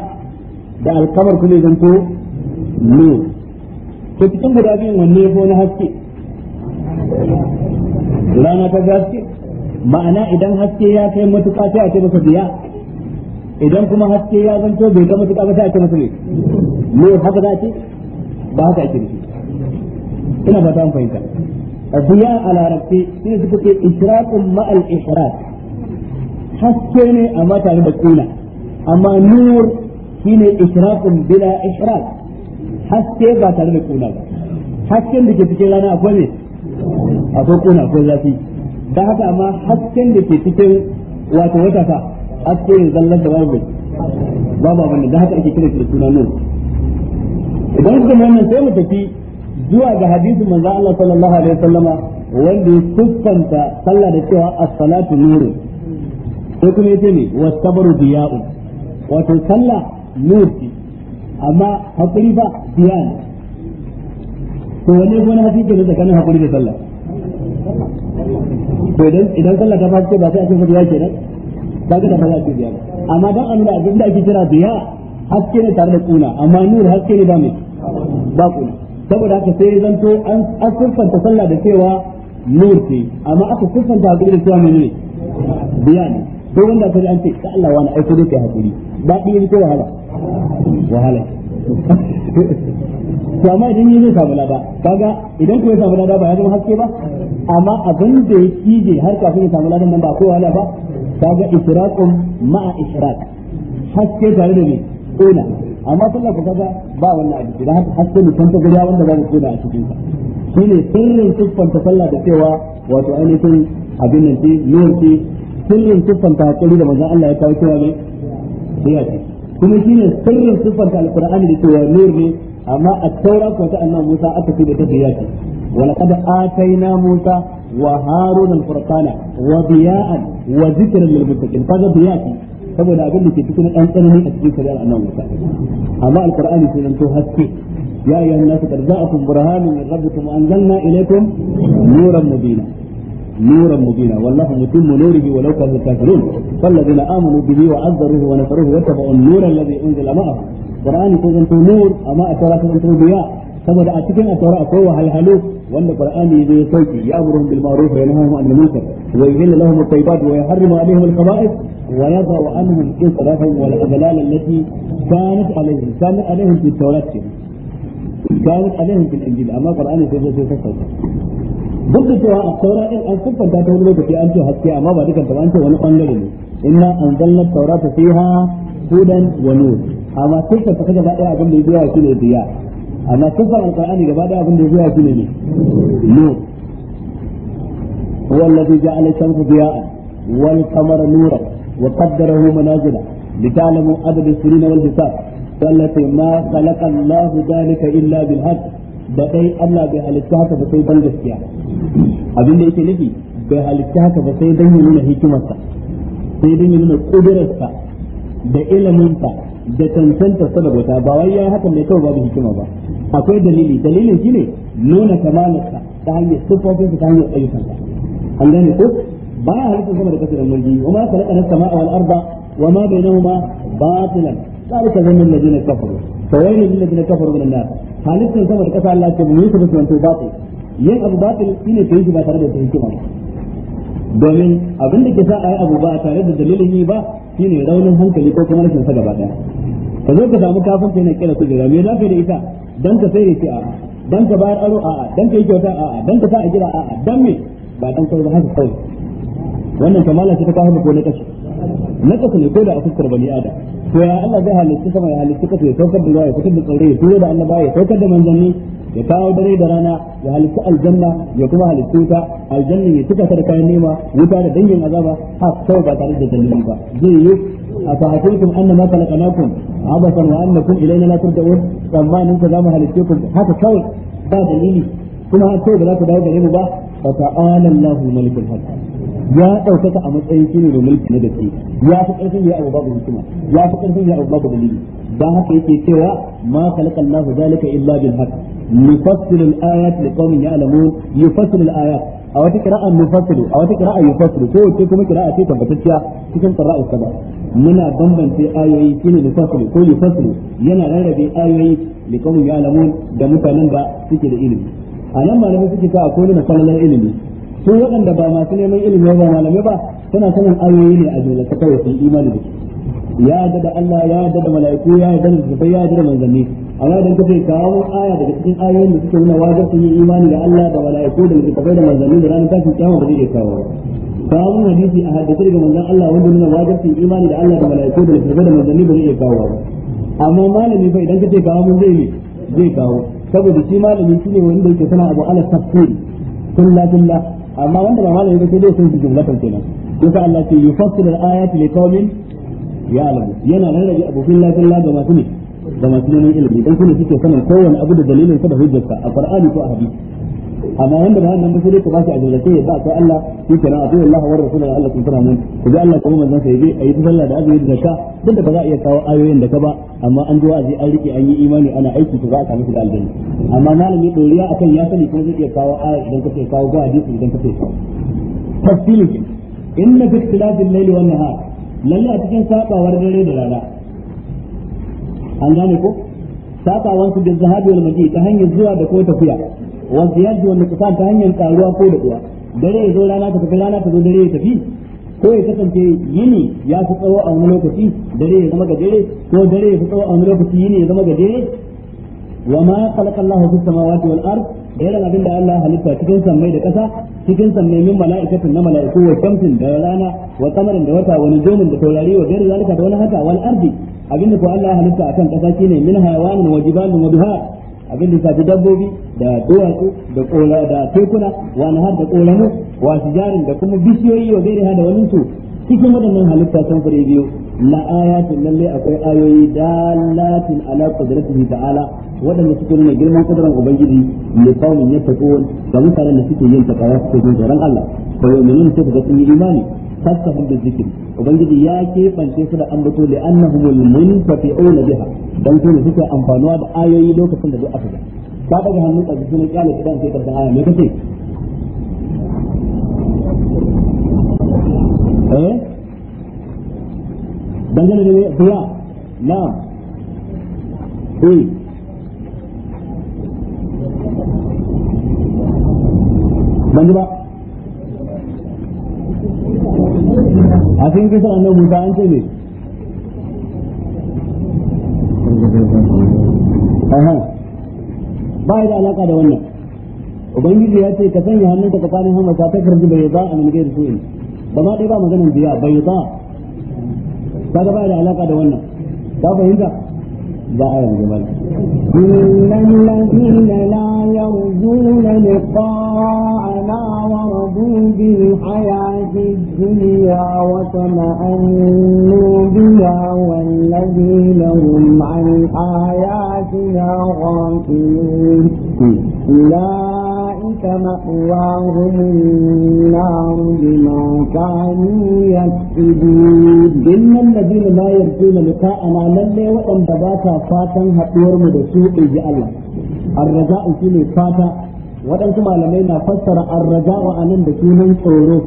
da alkamar kuma zanto nur to cikin guda biyun wanne ko na haske rana ta gaske ma'ana idan haske ya kai matuƙa sai a ce masa biya idan kuma haske ya zanto bai ga matuƙa ba sai a ce masa ne ne haka za ce ba haka ake nufi ina ba ta fahimta biya a larabci ne suka ce ishraqun ma'al ishraq haske ne amma tare da kuna amma nur shine ishraqun bila ishraq haske ba tare da kuna ba hasken da ke cikin rana akwai ne akwai kuna akwai zafi da haka amma hasken da ke cikin wato wata ka haske ne zallar da babu babu abin da haka ake kira shi da suna nun idan kuma wannan sai mu tafi zuwa ga hadisin manzo Allah sallallahu alaihi wasallama wanda ya kuskanta sallah da cewa as-salatu nuru sai kuma yace ne was-sabru diya'un wato sallah nuru amma hakuri ba ne. to wanne gona hafi ke da tsakanin hakuri da sallah to idan idan sallah ta fasike ba sai a ce biya kenan ba ga da ba za a ce biya amma dan an da abin da ake kira biya haske ne tare da kuna amma nur haske ne ba mai ba kuna saboda haka sai zanto an an siffanta sallah da cewa nur ce amma aka siffanta hakuri da cewa menene biya ne ko wanda ka ji an ce ka Allah wani aiko dai kai hakuri daɗi ne ko wahala wahala to amma idan yi zai samu lada kaga idan ku ya samu lada ba ya zama haske ba amma abin da ya kije har kafin ya samu ladan nan ba ko wala ba kaga israqum ma'a israq haske tare da ne ona amma sallah ku kaga ba wannan abu idan haske ne san ta guriya wanda za mu kona a cikin sa shine sirrin tuffanta sallah da cewa wato ainihin abin nan ce nuwar ce sirrin tuffanta hakuri da manzon Allah ya kawo cewa ne sai ya ce kuma shine sirrin tuffanta alqur'ani da cewa nur ne amma at-taura ko ta annabi Musa aka ce da take yaki wa laqad ataina Musa wa Harun al-furqana wa diya'an wa dhikran lil muttaqin kaga diya'ati saboda abin da ke cikin dan tsanani a cikin shari'ar annabi Musa amma al-Qur'ani sai nan to haske ya ayyuhan nasu qad ja'akum burhanun min rabbikum anzalna ilaykum nuran mubina نورا مبينا والله متم نوره ولو كان الكافرون فالذين امنوا به وعذروه ونصروه واتبعوا النور الذي انزل معه قرآن يقول أنتم نور أما أتورا يقول أنتم ضياء سبب أتكن أتورا أقوى هاي حلوك وأن القرآن يجي يصيتي يأمرهم بالمعروف وينهاهم عن المنكر ويهل لهم الطيبات ويحرم عليهم الخبائث ويضع عنهم إصرافهم والأضلال التي كانت عليهم كانت عليهم في التوراة كانت عليهم في الإنجيل أما القرآن يقول أنتم نور duk da cewa a tsoron an kuka ta wani lokaci an ce haske amma ba dukkan ta an ce wani bangare ne inna an zalla tsora ta fiha hudan wa nur amma siffar ta gaba daya abin da ya biya shi ne biya amma siffar alqur'ani gaba daya abin da ya biya shi ne ne no huwa alladhi ja'ala shamsa diya'an wal qamara nuran wa qaddarahu manazila لتعلموا عدد السنين والحساب التي ما خلق الله ذلك الا بالحق da kai Allah bai halitta haka ba sai dan gaskiya abin da yake nufi bai halitta ba sai ya nuna hikimarsa sai ya nuna kudurarsa da iliminsa da cancanta sa da bauta ba wai yayi hakan ne kawai babu hikima ba akwai dalili dalilin shine nuna kamalarsa ta hanyar sufofin ta hanyar ayyukansa an gane ko ba ya halitta sama da kasar mulki wa ma khalaqa as-samaa wal arda wa ma bainahuma batilan ذلك ظن الذين كفروا فويل للذين كفروا من النار halittar sama da kasa Allah ce mu yi su to wanto batil yin abu batil shine kai shi ba tare da hikima ba domin abin da ke sa a yi abu ba tare da dalilin yi ba shine raunin hankali ko kuma rashin sa gaba daya ka zo ka samu kafin kai na kira kujera me za ka da ita dan ka sai ce a'a dan ka bayar aro a'a dan ka yi kyauta a'a dan ka sa a gida a'a dan me ba dan kai ba haka kai wannan kamala ce ta kafa ko na kashi na kashi ne ko da a fuskar bani adam to ya Allah zai halitta sama ya halitta kafa ya saukar da ruwa ya fitar da tsirrai ya turo da annaba ya saukar da manzanni ya kawo dare da rana ya halitta aljanna ya kuma halitta wuta aljanna ya cika ta da kayan nema wuta da dangin azaba har sau ba tare da dalili ba zai yi a fahimtum annama khalaqnakum abasan wa annakum ilayna la turja'un tsammanin ku zamu halitta ku haka kawai ba dalili kuma har sai ba za ku dawo gare mu ba fa ta'ala Allahu malikul haq ya ɗaukaka a matsayin shi ne da mulki na gaske ya fi ƙarfin ya abu babu hikima ya fi ƙarfin ya abu babu dalili dan haka yake cewa ma khalaqa Allahu zalika illa bil haqq nufassilu al-ayati liqaumin ya'lamun yufassilu al-ayat a wata qira'a nufassilu a wata qira'a yufassilu ko wace kuma qira'a ce tabbatacciya cikin qira'u saba muna bambance ayoyi shine nufassilu ko yufassilu yana rarrabe ayoyi liqaumin ya'lamun da mutanen da suke da ilimi a nan malamin suke ta akwai na falalar ilimi su waɗanda ba masu neman ilimi ba malamai ba suna sanin ayoyi ne a jumla ta kawai su imani da ya yarda da Allah ya yarda da mala'iku ya yarda da zubai ya yarda da manzanni amma idan kace kawo aya daga cikin ayoyin da suke nuna wajen sun yi imani da Allah da mala'iku da zubai da manzanni da ranar tashin kiyama ba zai iya kawo kawo mun hadisi a hadisi daga manzon Allah wanda nuna wajen sun yi imani da Allah da mala'iku da zubai da manzanni ba zai iya kawo ba amma malami fa idan kace kawo mun zai zai kawo saboda shi malami shine wanda yake sana abu ala tafsir kullu billah amma wanda ba malami ba sai dai sun jumlatan kenan yasa Allah ce yufassilu al-ayati liqaumin ya'lamu yana nan rage abokin lafiya ga masu ne ga masu neman ilimi dan kuma suke sanin kowanne abu da dalilin sa da hujjarsa a Qur'ani ko a hadisi amma wanda ba wannan musulmi ka bashi a jallace ya ba sai Allah shi kenan a Allah wa rasulullahi Allah kun fara mun ku ga Allah kuma manzon sai a yi sallah da azumi da zakka duk da ba za a iya kawo ayoyin da ka ba amma an ji wa'azi an rike an yi imani ana aiki to za a samu da aljanna amma malami doriya akan ya sani kuma zai iya kawo aya idan kace kawo ga hadisi idan kace tafsilin inna fi ikhtilafil layli wan nahar lalle a cikin sabawar dare da rana an gane ko sabawan su da zahabi wal maji ta hanyar zuwa da ko tafiya ya ji wanda kusa ta hanyar karuwa ko da kuwa dare ya zo rana ta tafi rana ta zo dare ya tafi ko ya kasance yini ya fi tsawo a wani lokaci dare ya zama gajere ko dare ya fi tsawo a wani lokaci yini ya zama gajere wa ma khalaqa Allahu fis samawati wal ard da abin abinda Allah halitta cikin sammai da ƙasa cikin sammai min mala'ikatin na mala'iku wa shamsin da rana wa kamarin da wata wani jomin da taurari wa gari zalika da wani haka wal ardi abinda ko Allah halitta akan ƙasa shine min hayawanin wa jibalin wa duha abin da shafi dabbobi da duwatsu da kola da tekuna wa har da kolamu wa sijarin da kuma bishiyoyi wa gairiha da wani su cikin waɗannan halitta san fure biyu la ayatin lalle akwai ayoyi dalatin ala qudratihi ta'ala waɗanda suke nuna girman kudurar ubangiji ne ta yattaqun da mutanen da suke yin takawa suke jin tsoron Allah ko yu'minun suka ga sun yi imani fassahum bi zikri ubangiji ya kebance su da ambato li annahumul muntafi'una biha dan su suke amfanuwa da ayoyi lokacin da duk aka ga ba daga hannun ka jikin kyale kidan sai ka aya me kace eh dangane da biya na'am eh ban ba a cikin kisan annabi Musa an ce ne aha ba da alaka da wannan ubangiji ya ce ka sanya hannunka tsakanin hamasa ta karbi bai za a nige da su su'in ba ma dai ba maganin biya bai za kaga ba da alaka da wannan ka fahimta إن الذين لا يرجون لقاءنا ورضوا بالحياة الدنيا وطمأنوا بها والذين هم عن آياتنا غافلون فمأواهم النار بما كانوا يكسبون إن الذين لا يرجون لقاءنا للي وأن دباتا فاتا هتور مدسوء إجي الله الرجاء فيني فاتا وأن كما لمينا فسر الرجاء وأن بسونا صورو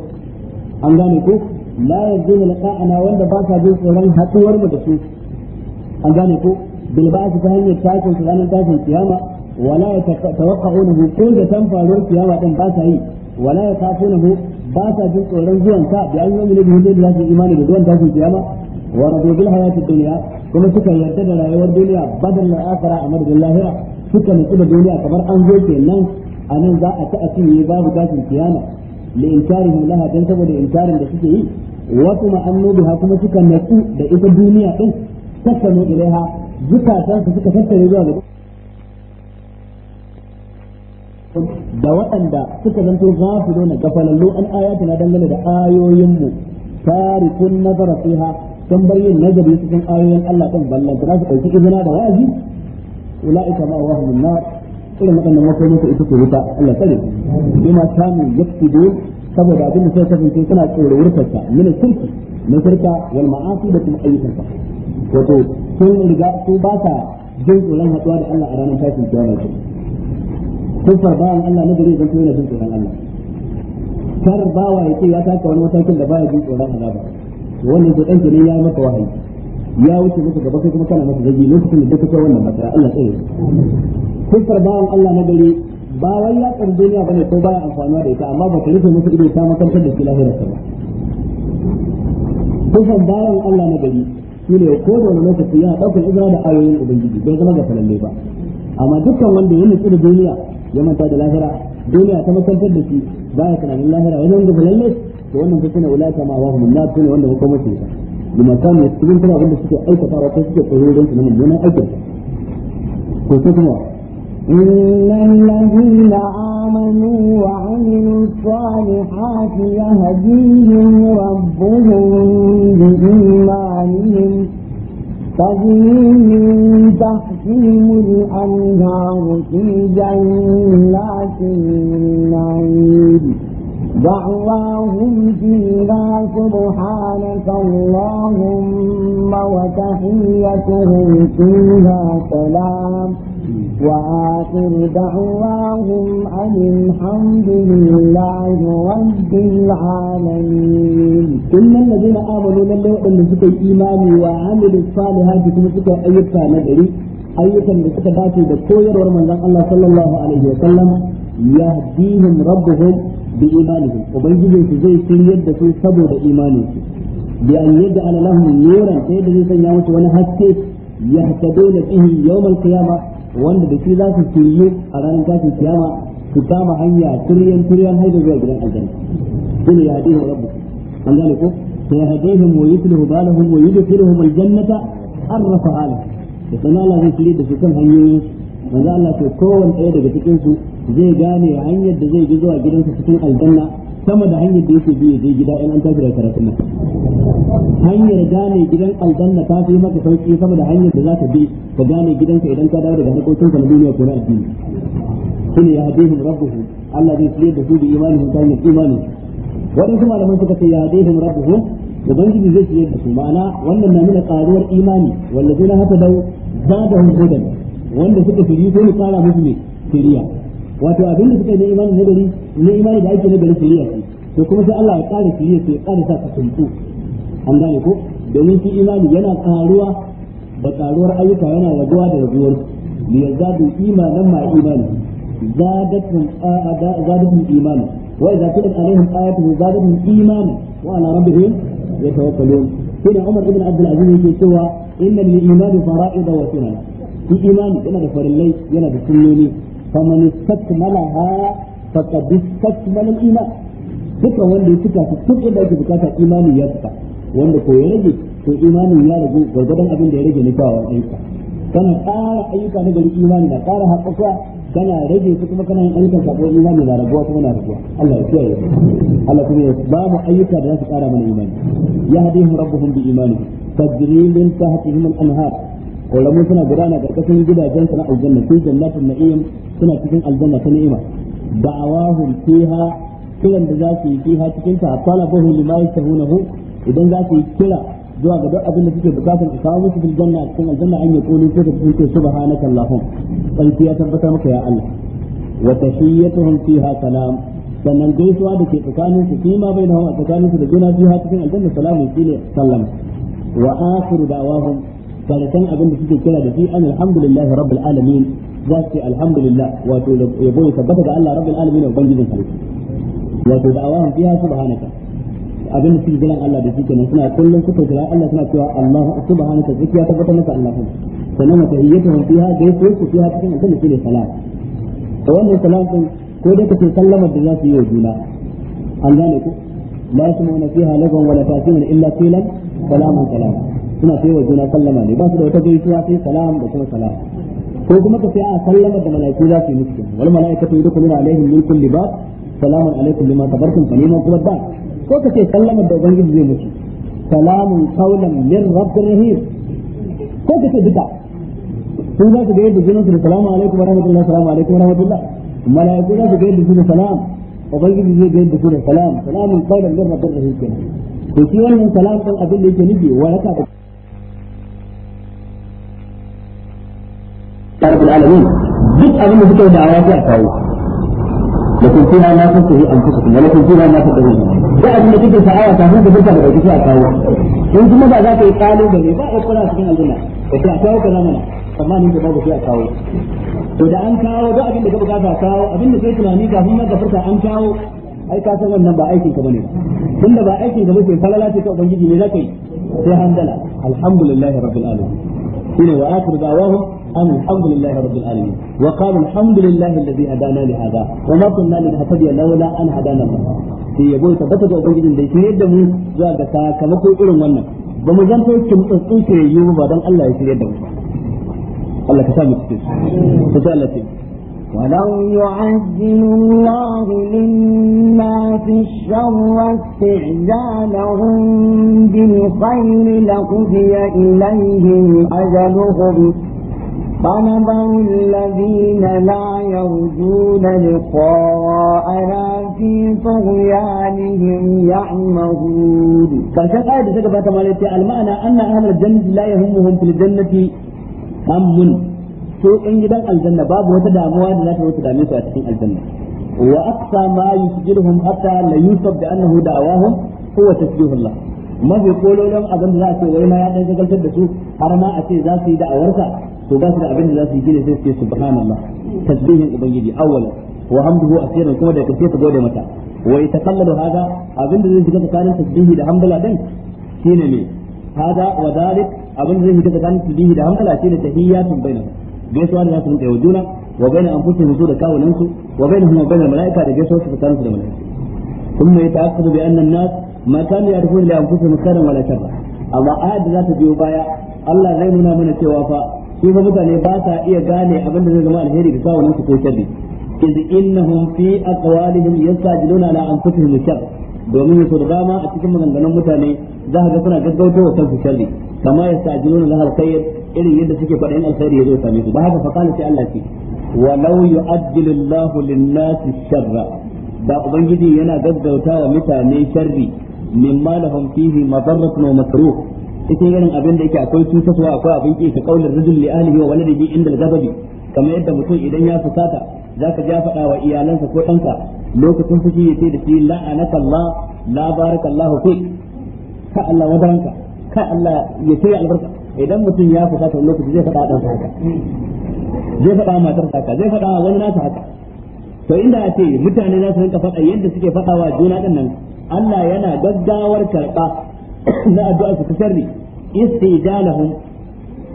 أنجاني كوك لا يرجون لقاءنا وأن دباتا جسولا هتور مدسوء أنجاني كوك بالبعث فهي تاكل في الآن تاكل قيامة wala yatawaqqunahu ko da san faruwar kiyama din ba sa yi wala yakafunahu ba sa jin tsoron zuwan ka da an yi bihi da zai imani da zuwan tashin kiyama wa radu bil hayati dunya kuma suka yarda da rayuwar duniya badal al akhirah amr bil lahira suka nutsu da duniya kamar an zo kenan anan za a ta asiri babu tashin kiyama li inkarihim laha dan saboda inkarin da suke yi wasu kuma annu biha kuma suka nutsu da ita duniya din takkanu ilaiha zukatan su suka tattare zuwa da waɗanda suka zanto gafiluna gafalallu an ayatina dangane da ayoyinmu tarikun nazara fiha sun bar yin nazari cikin ayoyin Allah kan ballanta za su ɗauki izina da wazi ula'ika ma wa hum nar makomin ita ce wuta Allah tsare bima kanu yaktubu saboda abin da sai kasance suna tsoro wurfarsa min shirki na shirka wal ma'asi da kuma ayyukan wato sun riga su ba jin tsoron haɗuwa da Allah a ranar tashin kiyama tufar bawan Allah na gari zan yana jin tsoron Allah kar bawa ya ce ya taka wani matakin da baya jin tsoron Allah ba. wannan zai ɗan ne ya yi maka wahayi ya wuce maka gaba kai kuma kana masa zagi lokacin da duka kai wannan matsala Allah tsaye tufar bawan Allah na gari ba wai ya kan duniya bane ko baya amfani da ita amma ba ka rufe musu ido ta makantar da shi lahira ba tufar bawan Allah na gari shine ko da wani lokaci yana ɗaukar izra da ayoyin ubangiji bai zama ga falalle ba amma dukkan wanda ya nutsu da duniya ya manta da lahira duniya ta makantar da shi ba ya kana nan lahira wannan da lalle to wannan fa shine ulaka ma wa mun nar ne wanda hukumar su bima kanu cikin tana wanda suke aikata ko suke tsoro don su nan mun aikin ko ta kuma innal ladina amanu wa amilu salihati yahdihim rabbuhum bi imanihim تجري من تحتهم الأنهار في جنات النعيم دعواهم فيها سبحانك اللهم وتحيتهم فيها سلام وآخر دعواهم أن الحمد لله رب العالمين إن الذين آمنوا لم يؤمنوا بك إيماني وعملوا الصالحات كما تكا أيضا نجري أيضا بسكة باتي بكوير ورمان الله صلى الله عليه وسلم يهديهم ربهم بإيمانهم وبيجيهم في زي سيد في صبر إيمانهم بأن يجعل لهم نورا سيد زي سيد يوم يهتدون به يوم القيامة wanda da shi za su shirye a ranar tashin kiyama su kama hanya tiryan tiryan haida zuwa gidan aljanna shine ya hadihu rabbu an gane ko sai hadihim wa yuslihu balahum wa yudkhiluhum aljannata arrafa alah da sanan Allah zai shirye da su kan hanyoyi manzo Allah ce kowanne daga cikin su zai gane hanyar da zai bi zuwa gidansa cikin aljanna sama da hanyar da yake biye je gida in an tashi daga karatun nan hanyar gane gidan aljanna ta fi maka sauki sama da hanyar da za ka bi ka gane gidansa idan ka dawo daga harkokin sa na duniya ko na addini shine ya hadihim rabbuhum Allah zai tsire da su da imanin ta hanyar imani wadansu malaman suka ce ya hadihim rabbuhum ubangiji zai tsire da su ma'ana wannan na nuna karuwar imani wallazina hata dau zadahum hudan wanda suka firi sai mu fara musu ne shari'a wato abin da suka yi na imani ne gari na imani da ake na gari shiriya ce to kuma sai Allah ya ƙara shiriya ce ya ƙara sa ka tuntu an gane ko domin shi imani yana ƙaruwa da ƙaruwar ayyuka yana raguwa da raguwar li yazadu imanan ma imani zadatun zadatun imani wa idza tulat alaihim ayatuhu zadatun imani wa ala rabbihim yatawakkalun kina Umar ibn Abdul Aziz yake cewa inna lil imani fara'ida wa sunan shi imani yana da farillai yana da sunnoni faman istakmalaha faqad istakmala al-iman duka wanda ya cika su duk da ake bukata imani ya cika wanda ko ya rage to imanin ya ragu gwargwadon abin da ya rage ne na kyawawan ayyuka kana ƙara ayyuka na gari imani na ƙara haɓaka kana rage su kuma kana yin ayyukan sabo imani na raguwa kuma na raguwa Allah ya kiyaye Allah kuma ya ba mu ayyuka da za su ƙara mana imani ya hadihu rabbuhum bi imani tajri min tahtihim al-anhar koramu suna gudana karkashin gidajen sana aljanna fi jannatin na'im suna cikin aljanna ta ni'ima da'awahum fiha kiran da za su yi fiha cikin ta talabahu lima yastahunahu idan za su yi kira zuwa ga duk abin da suke bukatar su kawo musu fil janna cikin aljanna an yi koli ko da su suke subhanaka allahum sai ya tabbata maka ya Allah wa tahiyyatuhum fiha salam sannan gaisuwa da ke tsakanin su fi ma bainahum tsakanin su da juna fiha cikin aljanna salamu shine sallama wa akhiru da'awahum tarakan abin da suke kira da shi an alhamdulillahi rabbil alamin za su ce alhamdulillah wato yabo ya tabbata ga Allah rabbil alamin da ubangijin sarki wato da awahan fiha subhanaka abin da suke jiran Allah da shi kenan suna kullum suka jira Allah suna cewa Allah subhanaka zikriya tabbata maka Allah ta sannan mata iyyatuhum fiha gaisuwa su fiya cikin aljanna shine salat to wannan salatin ko dai kace sallamar da za su yi wa juna an gane ku la yasmuna fiha lagwan wala ta'tina illa qilan salaman salaman suna kai wa juna sallama ne ba su da wata gaisuwa sai salam da kuma salam ko kuma ta sai a sallama da malaiku za su yi musu wal malaikatu yadkhuluna alaihim min kulli bab salamun alaikum bima tabartum fa ni'ma kuma ba ko ka ce sallama da ubangiji zai musu salamun qawlan min rabbir rahim ko ka ce duka sun za su ga yadda junansu da salamu alaikum wa rahmatullah salamu alaikum wa rahmatullah malaiku za su ga yadda su da salam ubangiji zai ga yadda su salam salamun qawlan min rabbir rahim kenan to shi wannan salam din abin da yake nufi wa raka رب العالمين جزء من فكره دعواته اتاه لكن فيها ما تنتهي انفسكم ولكن فيها ما تنتهي جاء من نتيجه دعاوى تهون في بلده بلده بلده اتاه وان ثم بعد ذلك قالوا بني باع وقنا سكين الجنة وتعتاه كلامنا فما نمت برضه فيها اتاه ودا ان كاو جاء من نتيجه دعاوى اتاه ابن نسيت ما نيكا هم كفرت ان كاو اي كاسر من نبع ايكي كمانين ثم نبع ايكي كمانين فلا لا تتوقع بنجي لذلك سيحن دلع الحمد لله رب العالمين هنا واخر دعواهم أم الحمد لله رب العالمين وقال الحمد لله الذي هدانا لهذا وما كنا لنهتدي لولا أن هدانا الله في يقول تبتد وبيجد ليس يدمو زاد ساكمكو إلهم ونك بمجان تيكم تسوك يوم بعدان الله يسير يدمو الله كسامك تسوك ولو يعزل الله للناس الشر واستعجالهم بالخير لقضي إليهم أجلهم فنظر الذين لا يرجون لقاءنا في طغيانهم يعمهون كرشان آية تسكى فاتماليتي المعنى أن أهل الجنة لا يهمهم في الجنة هم su in gidan aljanna babu wata damuwa da za ta wata dame su a cikin aljanna wa aqsa ma yusjiruhum hatta la yusab da annahu da'awahum huwa tasbihullah mafi kololon abin da za a ce wai ma ya dan shagaltar da su har ma a ce za su yi da'awarsa to ba su da abin da za su yi gine sai su ce subhanallah tasbihin ubangiji awwalan wa hamduhu asiran kuma da kace ta gode mata wa yataqallalu hada abin da zai shiga tsakanin tasbihi da hamdala din shine ne hada wa dalik abin da zai shiga tsakanin tasbihi da hamdala shine tahiyatun bainahum gaisuwa da za su rinka yi wa juna wa baina anfusihim su da kawunan kawunansu wa bainahum wa bainal mala'ika da gaisuwa su tsakanin su da mala'ika kuma ya ta'akkadu bi anna an-nas ma kanu yarfun li anfusihim khairan wala sharra amma ayat da za ta biyo baya Allah zai nuna mana cewa fa shi mutane ba sa iya gane abin da zai zama alheri ga kawunan su ko sharri iz innahum fi aqwalihim yastajiluna ala anfusihim shar domin su da dama a cikin maganganun mutane za ka ga suna gaggautawa kansu sharri kama yastajiluna lahal alkhair irin yadda suke faɗin alheri ya zo same su ba haka fa kana sai Allah ce walau yu'ajjilu Allahu lin-nasi sharra da ubangiji yana gaggautawa mutane sharri mimma lahum fihi madarratun wa makruh cikin irin abin da yake akwai cutarwa akwai abin ki ka kaular rajul li ahlihi wa waladihi inda gababi kamar yadda mutum idan ya fusata zaka ja faɗa wa iyalansa ko ɗanka lokacin fushi ya ce da shi la'anaka Allah la barakallahu fik ka Allah wadaranka ka Allah ya ce albarka idan mutum ya fusata lokacin zai faɗa ɗansa haka zai faɗa matarsa haka zai faɗa wani nasa haka to inda a ce mutane za su rinka faɗa yadda suke faɗa wa juna ɗin nan Allah yana gaggawar karɓa na addu'a su ta sharri istijalahum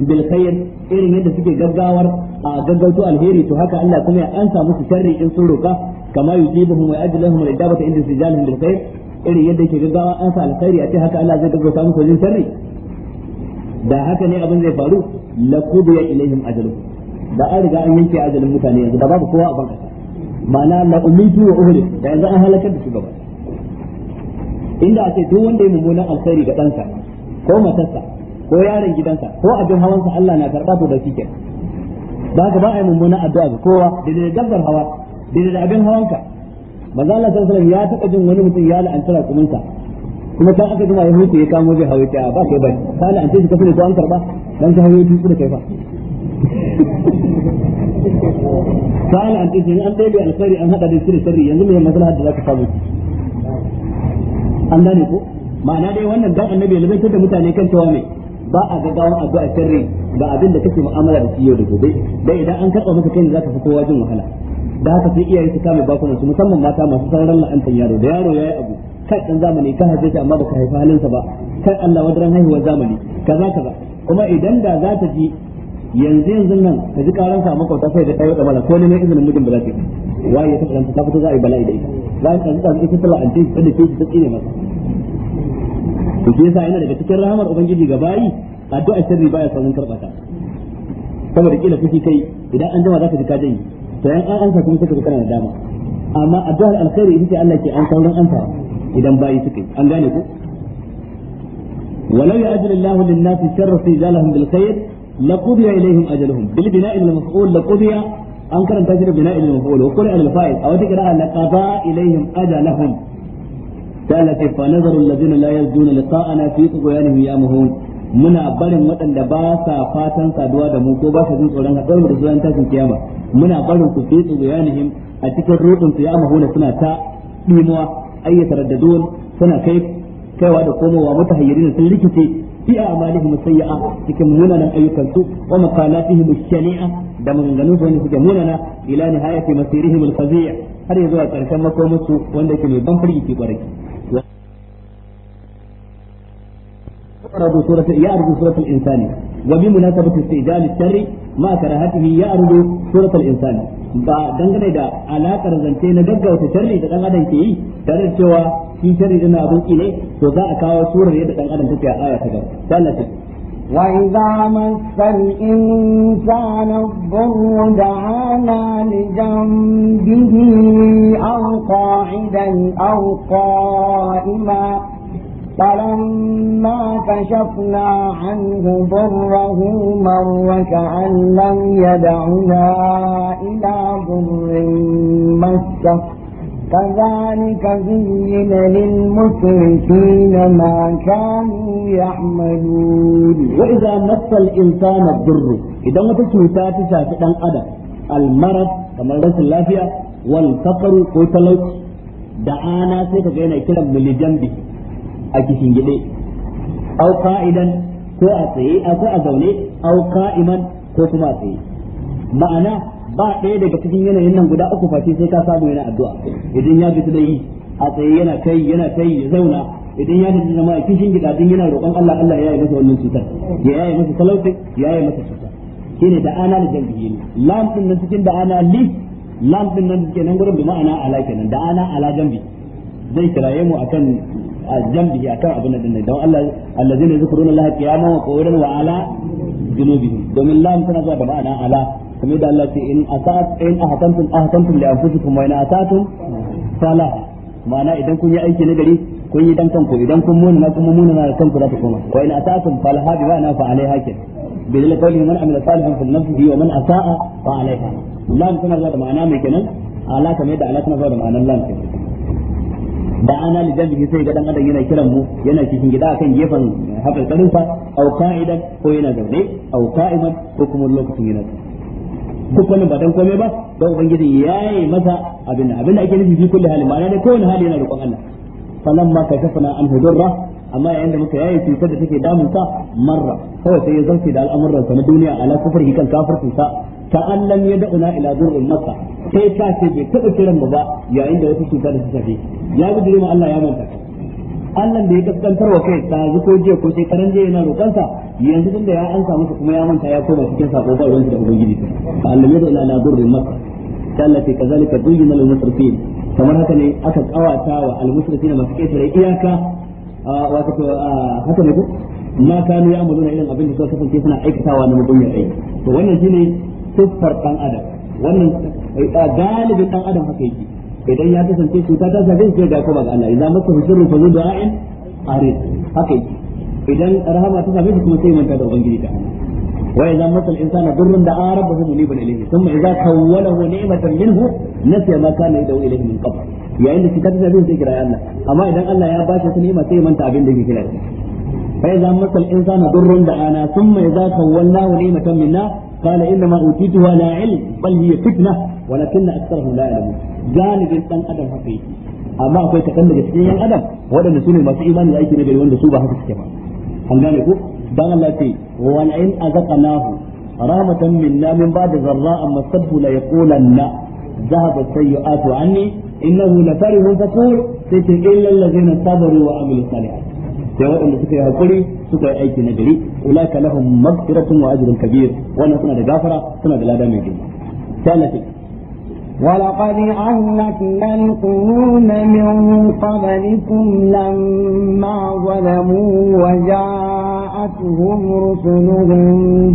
bil khair irin yadda suke gaggawar a gaggauto alheri to haka Allah kuma ya ansa musu sharri in sun roka kama yujibuhum wa ajlahum al ijabata inda istijalahum bil khair irin yadda yake gaggawa ansa alkhairi a ce haka Allah zai gaggauta musu wajen sharri da haka ne abin zai faru laqudiya ilaihim ajaluhum da an riga an yanke ajalin mutane yanzu da babu kowa a bankasa ma'ana la umitu wa uhri da yanzu an halakar da su gaba inda a ce duk wanda ya mummunan alkhairi ga ɗansa ko matarsa ko yaron gidansa ko abin hawansa Allah na karɓa to da shi ke ba ka ba a yi mummunan addu'a ga kowa da da dabbar hawa da da abin hawanka manzo Allah sallallahu alaihi wasallam ya taɓa jin wani mutum ya la'anta rakuminsa kuma kan aka jima ya hutu ya kamo bai hawo ta ba kai bai ka la'anta shi kafin ko an karba dan ka hawo tuku da kai fa ka la'anta shi an dai bai alkhairi an hada da sirri yanzu mai maslaha da zaka samu an gane ko ma'ana dai wannan dan annabi ya zantar da mutane kan cewa mai ba a abu a sirri ga abin da kake mu'amala da shi yau da gobe dai idan an karɓa maka kai ne ka fi kowa jin wahala da haka sai iyaye su kame bakunan su musamman mata masu sauran la'antar yaro da yaro ya yi abu kai dan zamani ka haife shi amma baka haifa halinsa ba kai Allah wadaran haihuwar zamani kaza kaza kuma idan da za ta ji yanzu yanzu nan ka ji karan sa makwabta sai da kai da mala ko ne mai izinin mijin ba za ta yi waye ta karanta ta fito za a yi bala'i da ita za ka ji da ita ta la'anta ta da ke ta tsine masa to shi yasa yana daga cikin rahamar ubangiji ga bayi addu'a sirri baya sanin karbata saboda kila kuki kai idan an jama za ka ji ka janyi. to yan an ansa kuma take kana da dama amma addu'ar alkhairi ita ce Allah ke an sauran ansa idan bayi suka yi an gane ku ولو يأجل الله للناس الشر في جالهم بالخير لقضي إليهم أجلهم بالبناء المفعول لقضي أن كان تجد بناء المفعول وقل على الفائل أو تقرأ لقضى إليهم أجلهم قالت فنظر الذين لا يرجون لقاءنا في طغيانهم يامهون muna barin waɗanda ba sa fatan saduwa da mu ko ba sa jin tsoron haɗar mu da zuwan tashin kiyama muna barin su fi tsuguyanihim a cikin rudin su ya mahuna suna ta ɗimuwa ayyata raddadun suna kai kaiwa da komowa mutahayyirin sun rikice fi a'malihim sayyi'a cikin munanan ayyukan su wa maqalatihim shani'a da maganganun su wanda suke munana ila nihayati masirihim al-fazi'a har yanzu a karshen makomansu wanda yake mai ban firgici kwarai يعرض سورة يعرض سورة الإنسان وبمناسبة استئجال الشر ما كراهته يعرض سورة الإنسان ba dangane da alakar zance na gaggauta sharri da dan adam ke yi tare da cewa shi sharri din abin ne to za a kawo surar yadda dan adam take a aya ta gaba sallata وإذا مس الإنسان الضر li jambihi aw qa'idan aw qa'ima فلما كشفنا عنه ضره مر كأن لم يدعنا إلى ضر مسه كذلك زين للمشركين ما كانوا يعملون وإذا مس الإنسان الضر إذا ما تشوفات شافئا أدى المرض كما رأس اللافية والفقر قتلت دعانا سيكون كينا كلام من جنبه a kishin gide au ka'idan ko a tsaye ko a zaune au ka'iman ko kuma a tsaye ma'ana ba ɗaya daga cikin yanayin nan guda uku face sai ka samu yana addu'a idan ya fita da yi a tsaye yana kai yana kai ya zauna idan ya fita zama a kishin gida din yana roƙon Allah Allah ya yi masa wannan cutar ya yi masa talauci ya yi masa cutar shine da ana da jambiyi lam din nan cikin da ana li lam din nan cikin nan gurin bi ma'ana ala kenan da ana ala jambi zai kiraye mu akan A jambihi kan abin da nan don Allah allazina yadhkuruna Allah qiyaman wa qu'udan wa ala junubihim domin lam tana zuwa da ma'ana ala kamar da Allah ce in asat in ahtantum ahtantum li anfusikum wa in asatum falaha ma'ana idan kun yi aiki na gari kun yi dan kanku idan kun muna na kuma muna na kanku za ta koma wa in asatum falaha bi ana fa alaiha kin bidal qawli man amila salihan fil nafsi wa man asaa fa alaiha lam tana zuwa da ma'ana mai kenan ala kamar da Allah tana zuwa da ma'anan lam kenan da ana da sai ga dan adam yana kiran mu yana cikin gida akan gefen hakan karin fa au qa'idan ko yana zaune au qa'iman ko kuma lokacin yana duk wannan ba dan komai ba da ubangiji yayi masa abin da abin da ake nufi bi kulli hali ma'ana ne kowane hali yana roƙon Allah falamma kashafna an hudurra amma yayin da muka yaye cutar da take damun sa marra kawai sai ya zarce da al'amuran sa na duniya ala kufri kan kafirci sa ka allan ya da'una ila durrin masa sai ka ce bai taɓa kiran mu ba yayin da wata cuta da ta shafe ya gudu ma Allah ya manta Allah da ya kaskantar wa kai ta zuko jiya ko sai karan jiya yana roƙansa yanzu tun da ya ansa masa kuma ya manta ya koma cikin sako ba ruwansa da ubangiji ka allan ya da'una ila durrin ta kamar haka ne aka kawata wa al musrifin masu ƙetare iyaka wato haka ne ku na kanu ya amaluna irin abin da suka kasance suna aikatawa na mugunyar aiki to wannan shine siffar dan adam wannan eh, galibin dan adam haka yake idan ya kasance cuta ta shafe shi ga kuma ga Allah idan maka husrun fa zuwa ra'in arid haka yake idan rahama ta shafe shi kuma sai manta da ubangiji ta wa idan masa al-insana durrun da arabahu muniban ilayhi thumma idza kawwalahu ni'matan minhu nasiya ma kana yad'u ilayhi min qabl yayin da cuta ta shafe zai sai kira Allah amma idan Allah ya ba shi wata ni'ima sai manta abin da yake kira shi fa idan masa al-insana durrun da ana thumma idza kawwalahu ni'matan minna قال انما اوتيته على علم بل هي فتنه ولكن اكثرهم لا يعلمون جانب دان ادم haka amma akwai kaɗan daga cikin yan adam waɗanda su ne masu imani da aiki na gari wanda su ba haka suke ba an gane ko dan Allah ce wa in azaqnahu rahmatan minna min ba'da dharra'a masabbu la yaqulanna ذهب السيئات عني إنه لفرح فقول إلا الذين صبروا وعملوا da waɗanda suka yi hakuri suka yi aiki na gari ulaka lahum magfiratun wa ajrun kabir wannan suna da gafara suna da lada mai girma sai ولقد أهلكنا القرون من قبلكم لما ظلموا وجاءتهم رسلهم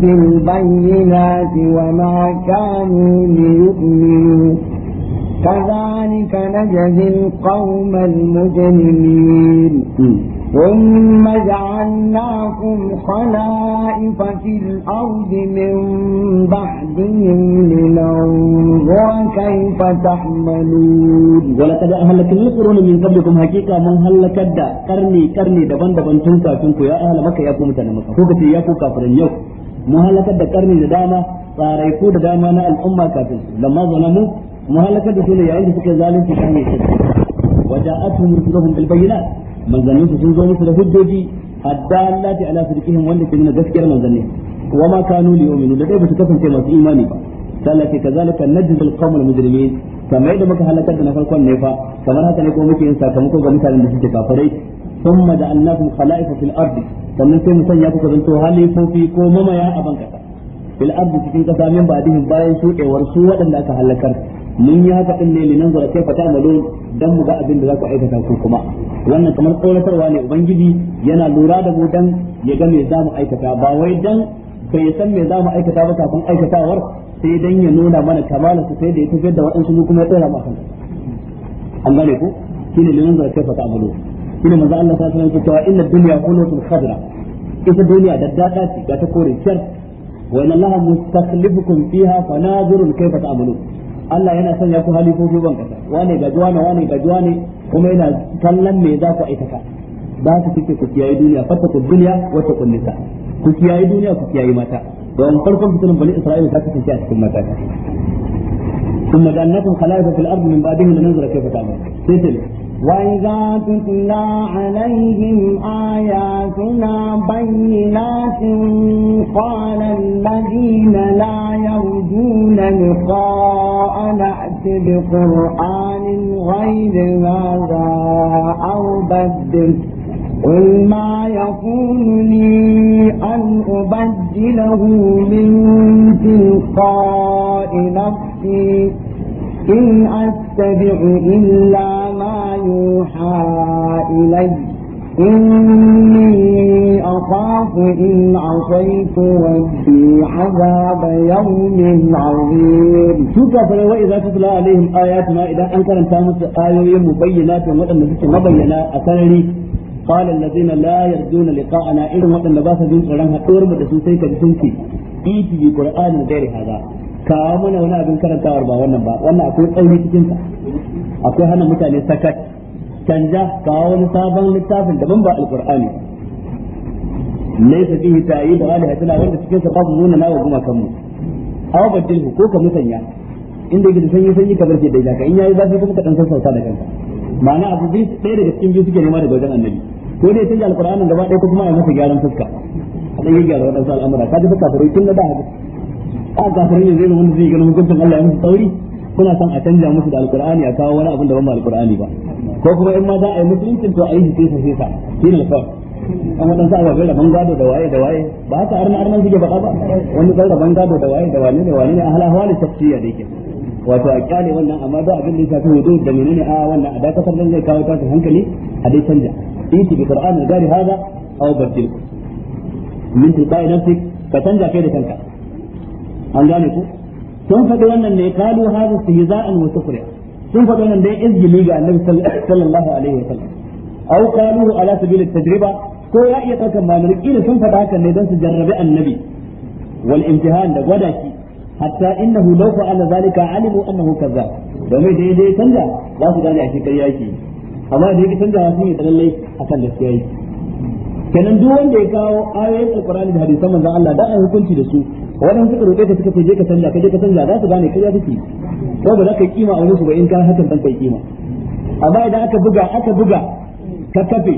بالبينات وما كانوا ليؤمنوا كذلك نجزي القوم المجرمين ثم جعلناكم خلائف في الأرض من بعدهم لننظر كيف تحملون ولقد أهلك القرون من قبلكم حقيقة من هلك الدا قرني قرني دبن دبن تنكا تنكو يا أهل مكة يا قومة تنا مكة كوكا يا كوكا فرن يو من هلك الدا قرني داما طاريكو داما أنا الأمة كافر لما ظلموا من هلك الدا سنة يا عند سكي ظالم في كامي وجاءتهم رسلهم بالبينات manzanninsu su sun zo musu da hujjoji addallati ala sidqihim wanda ke nuna gaskiyar manzanni wa ma kanu liyuminu da dai ba su kasance masu imani ba sallati kazalika najzi alqawm almujrimin kamar yadda muka halakar da na farkon ne fa kamar haka ne ko muke yin sakamako ga mutanen da suke kafirai thumma ja'alnakum khala'ifa fil ardi sannan sai mu sanya ku zanto halifofi ko mamaya a ban kasa fil ardi cikin kasa min ba'dihim bayan shudewar su waɗanda aka halakar mun yi haka din ne linan zara kai fata malo dan mu ga abin da za ku aikata ku kuma wannan kamar tsoratarwa ne ubangiji yana lura da mu dan ya ga me za mu aikata ba wai dan bai san me za mu aikata ba kafin aikatawar sai dan ya nuna mana kamala su sai da ya tafiyar da waɗansu mu kuma ya tsora mu an gane ko shine linan zara kai fata malo ne manzo Allah ta sanar cewa inna dunya qulutun khadra ita duniya da dada ce ga ta kore kyar wa inna Allah mustaklifukum fiha fanazurun kayfa ta'malun Allah yana sanya ku halifofi ban kasa wane gaji wane wane gaji wane kuma yana kallon me za ku aikata ba ku kike ku kiyaye duniya fatta ku duniya ta kullita ku kiyaye duniya ku kiyaye mata don farkon fitinin bani isra'ila ta kasance a cikin mata ثم جعلناكم خلائف في الارض من بعدهم لننظر كيف تعملون. وإذا تتلى عليهم آياتنا بينات قال الذين لا يرجون لقاء نأت بقرآن غير هذا أو بدل قل ما يكون لي أن أبدله من تلقاء نفسي إن أتبع إلا يوحى إلي إني أخاف إن عصيت ربي عذاب يوم عظيم شو كفر وإذا تتلى عليهم آياتنا إذا أنكر أنت آية مبينات وأن مبينات أثرني قال الذين لا يرجون لقاءنا إن وطن لباس جنس ولنها تورم دسو سيكا بسنكي إيتي بقرآن غير هذا كامنا ولا أبن كرم تاور با ونبا وانا أقول أولي تجنسا أقول هنا متعني سكت canja kawo wani sabon littafin daban ba alqur'ani laysa yi da wani alihatina wanda cikin sa babu nuna nawa kuma kanmu aw badil ko ka musanya inda yake da sanyi sanyi ka barke da jaka in yayi zafi kuma ka dan sassauta da kanka ma'ana abu biyu ɗaya daga cikin biyu suke nema daga wajen annabi ko sun yi Alƙur'ani gaba ɗaya ko kuma a masa gyaran fuska a dan gyara waɗansu al'amura ka ji fuska fure tun da da a kafirin yanzu yana wanda zai gani hukuncin Allah ya musu tsauri kuna son a canja musu da alqur'ani a kawo wani abin da ban ba alqur'ani ba ko kuma in ma za a yi musuluncin to a yi hisa hisa shi ne kawai an waɗansu ababai rabon gado da waye da waye ba haka arna arnan suke faɗa ba wani ɗan rabon gado da waye da wane da wani ne a halawa da tafsiriya da yake wato a kyale wannan amma da abin da ya shafi hudu da menene a wannan a dakatar dan zai kawo tashin hankali a dai canja in ki bi qur'an gari hada aw batil min tilqa'i nafsik ka canja kai da kanka an gane ku sun faɗi wannan ne kalu hada istihza'an wa sufriya sun faɗa nan dai izgili ga annabi sallallahu alaihi wa wasallam aw qalu ala sabil tajriba ko ya iya ɗaukar ma'anar kila sun faɗa hakan ne don su jarrabi annabi wal imtihan da gwada shi hatta innahu law fa'ala zalika alimu annahu kaza. domin dai dai canza za su gane a shi ƙarya yake amma da yake canzawa sun yi lallai akan gaskiya yake kenan duk wanda ya kawo ayoyin alqur'ani da hadisan manzon Allah da ai hukunci da su waɗanda suka roƙe ka suka ce je ka canja ka je ka canja za su gane kai ya kake ko ba za ka yi kima a wurin su ba in ka hakan dan kai kima amma idan aka buga aka buga ka kafe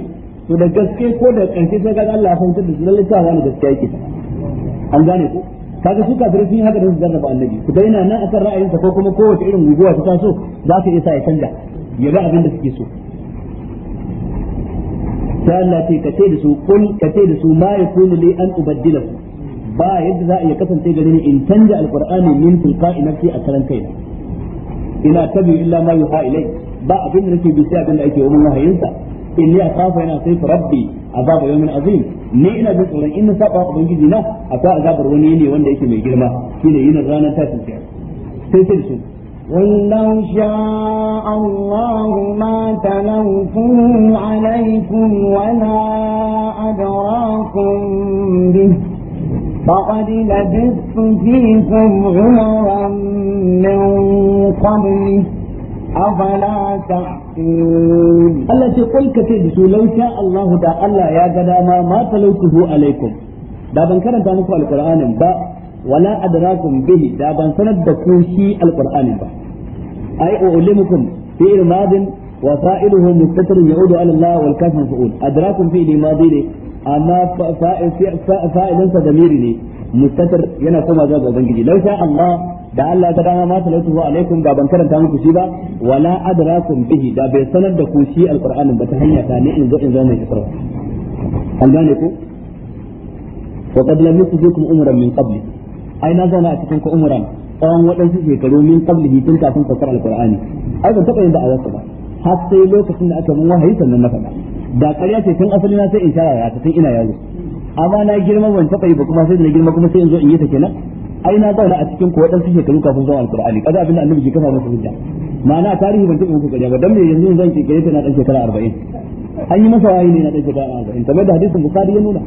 to da gaske ko da karshe sai ga Allah ya fahimtar da su lalle ta wani gaskiya yake an gane ku. kaga su kafirai sun yi haka da su jarraba annabi ku daina nan akan ra'ayinsa ko kuma kowace irin guguwa ta taso za ta iya sa ya canja ya ga abin da suke so ta Allah ce ka ce da su kun ka ce da su ma yakunu li an ubaddilahu ba yadda za a iya kasance gare ni in canja alqur'ani min tilqa'i nafsi a karan kaina ina tabi illa ma yuha ilai ba abin da nake bi sai abin da ake wa mun wahayinsa inni akhafu yana sai rabbi azaba yawmin azim ni ina jin tsoron in na ubangiji na akwai azabar wani ne wanda yake mai girma shine yin ranar ta kiyama sai sai su قل لو شاء الله ما تلوته عليكم ولا أدراكم به فقد لبثت فيكم عمرا من قبله أفلا تعقلون الله تقول كثير لو شاء الله دا الله يا قداما ما تلوته عليكم دا بان كانت دانكم القرآن با ولا أدراكم به دا بان سند دكوشي القرآن با أي أعلمكم في الماضي وفائله مستتر يعود على الله والكاف مفعول أدراكم فيه الماضي amma fa'idansa damiri ne mustatir yana koma zuwa ga ubangiji lau sha Allah da Allah ta dama ma salatu alaikum da ban karanta muku shi ba wala adrakum bihi da bai sanar da ku shi alqur'anin ba ta hanya ta ne in zo in zo mai isra an gane ku wa qad lam yusikum umran min qabli ai na zauna a cikin ku umran tsawon waɗansu shekaru min qablihi tun kafin saukar alqur'ani ai ban taɓa yin da'awarsa ba har sai lokacin da aka mun wahayi sannan na faɗa da ƙarya ce tun asali na sai in shara ta tun ina yaro amma na girma ban taɓa yi ba kuma sai da na girma kuma sai in zo in yi ta kenan ai na zauna a cikin ko waɗansu shekaru kafin zuwa alƙur'ani kaza abin da annabi ke kafa masa hujja ma'ana tarihi ban taɓa muku ƙarya ba dan me yanzu zan ke kare ta na ɗan shekara arba'in an yi masa wayi ne na ɗan shekara arba'in kamar da hadisin bukari ya nuna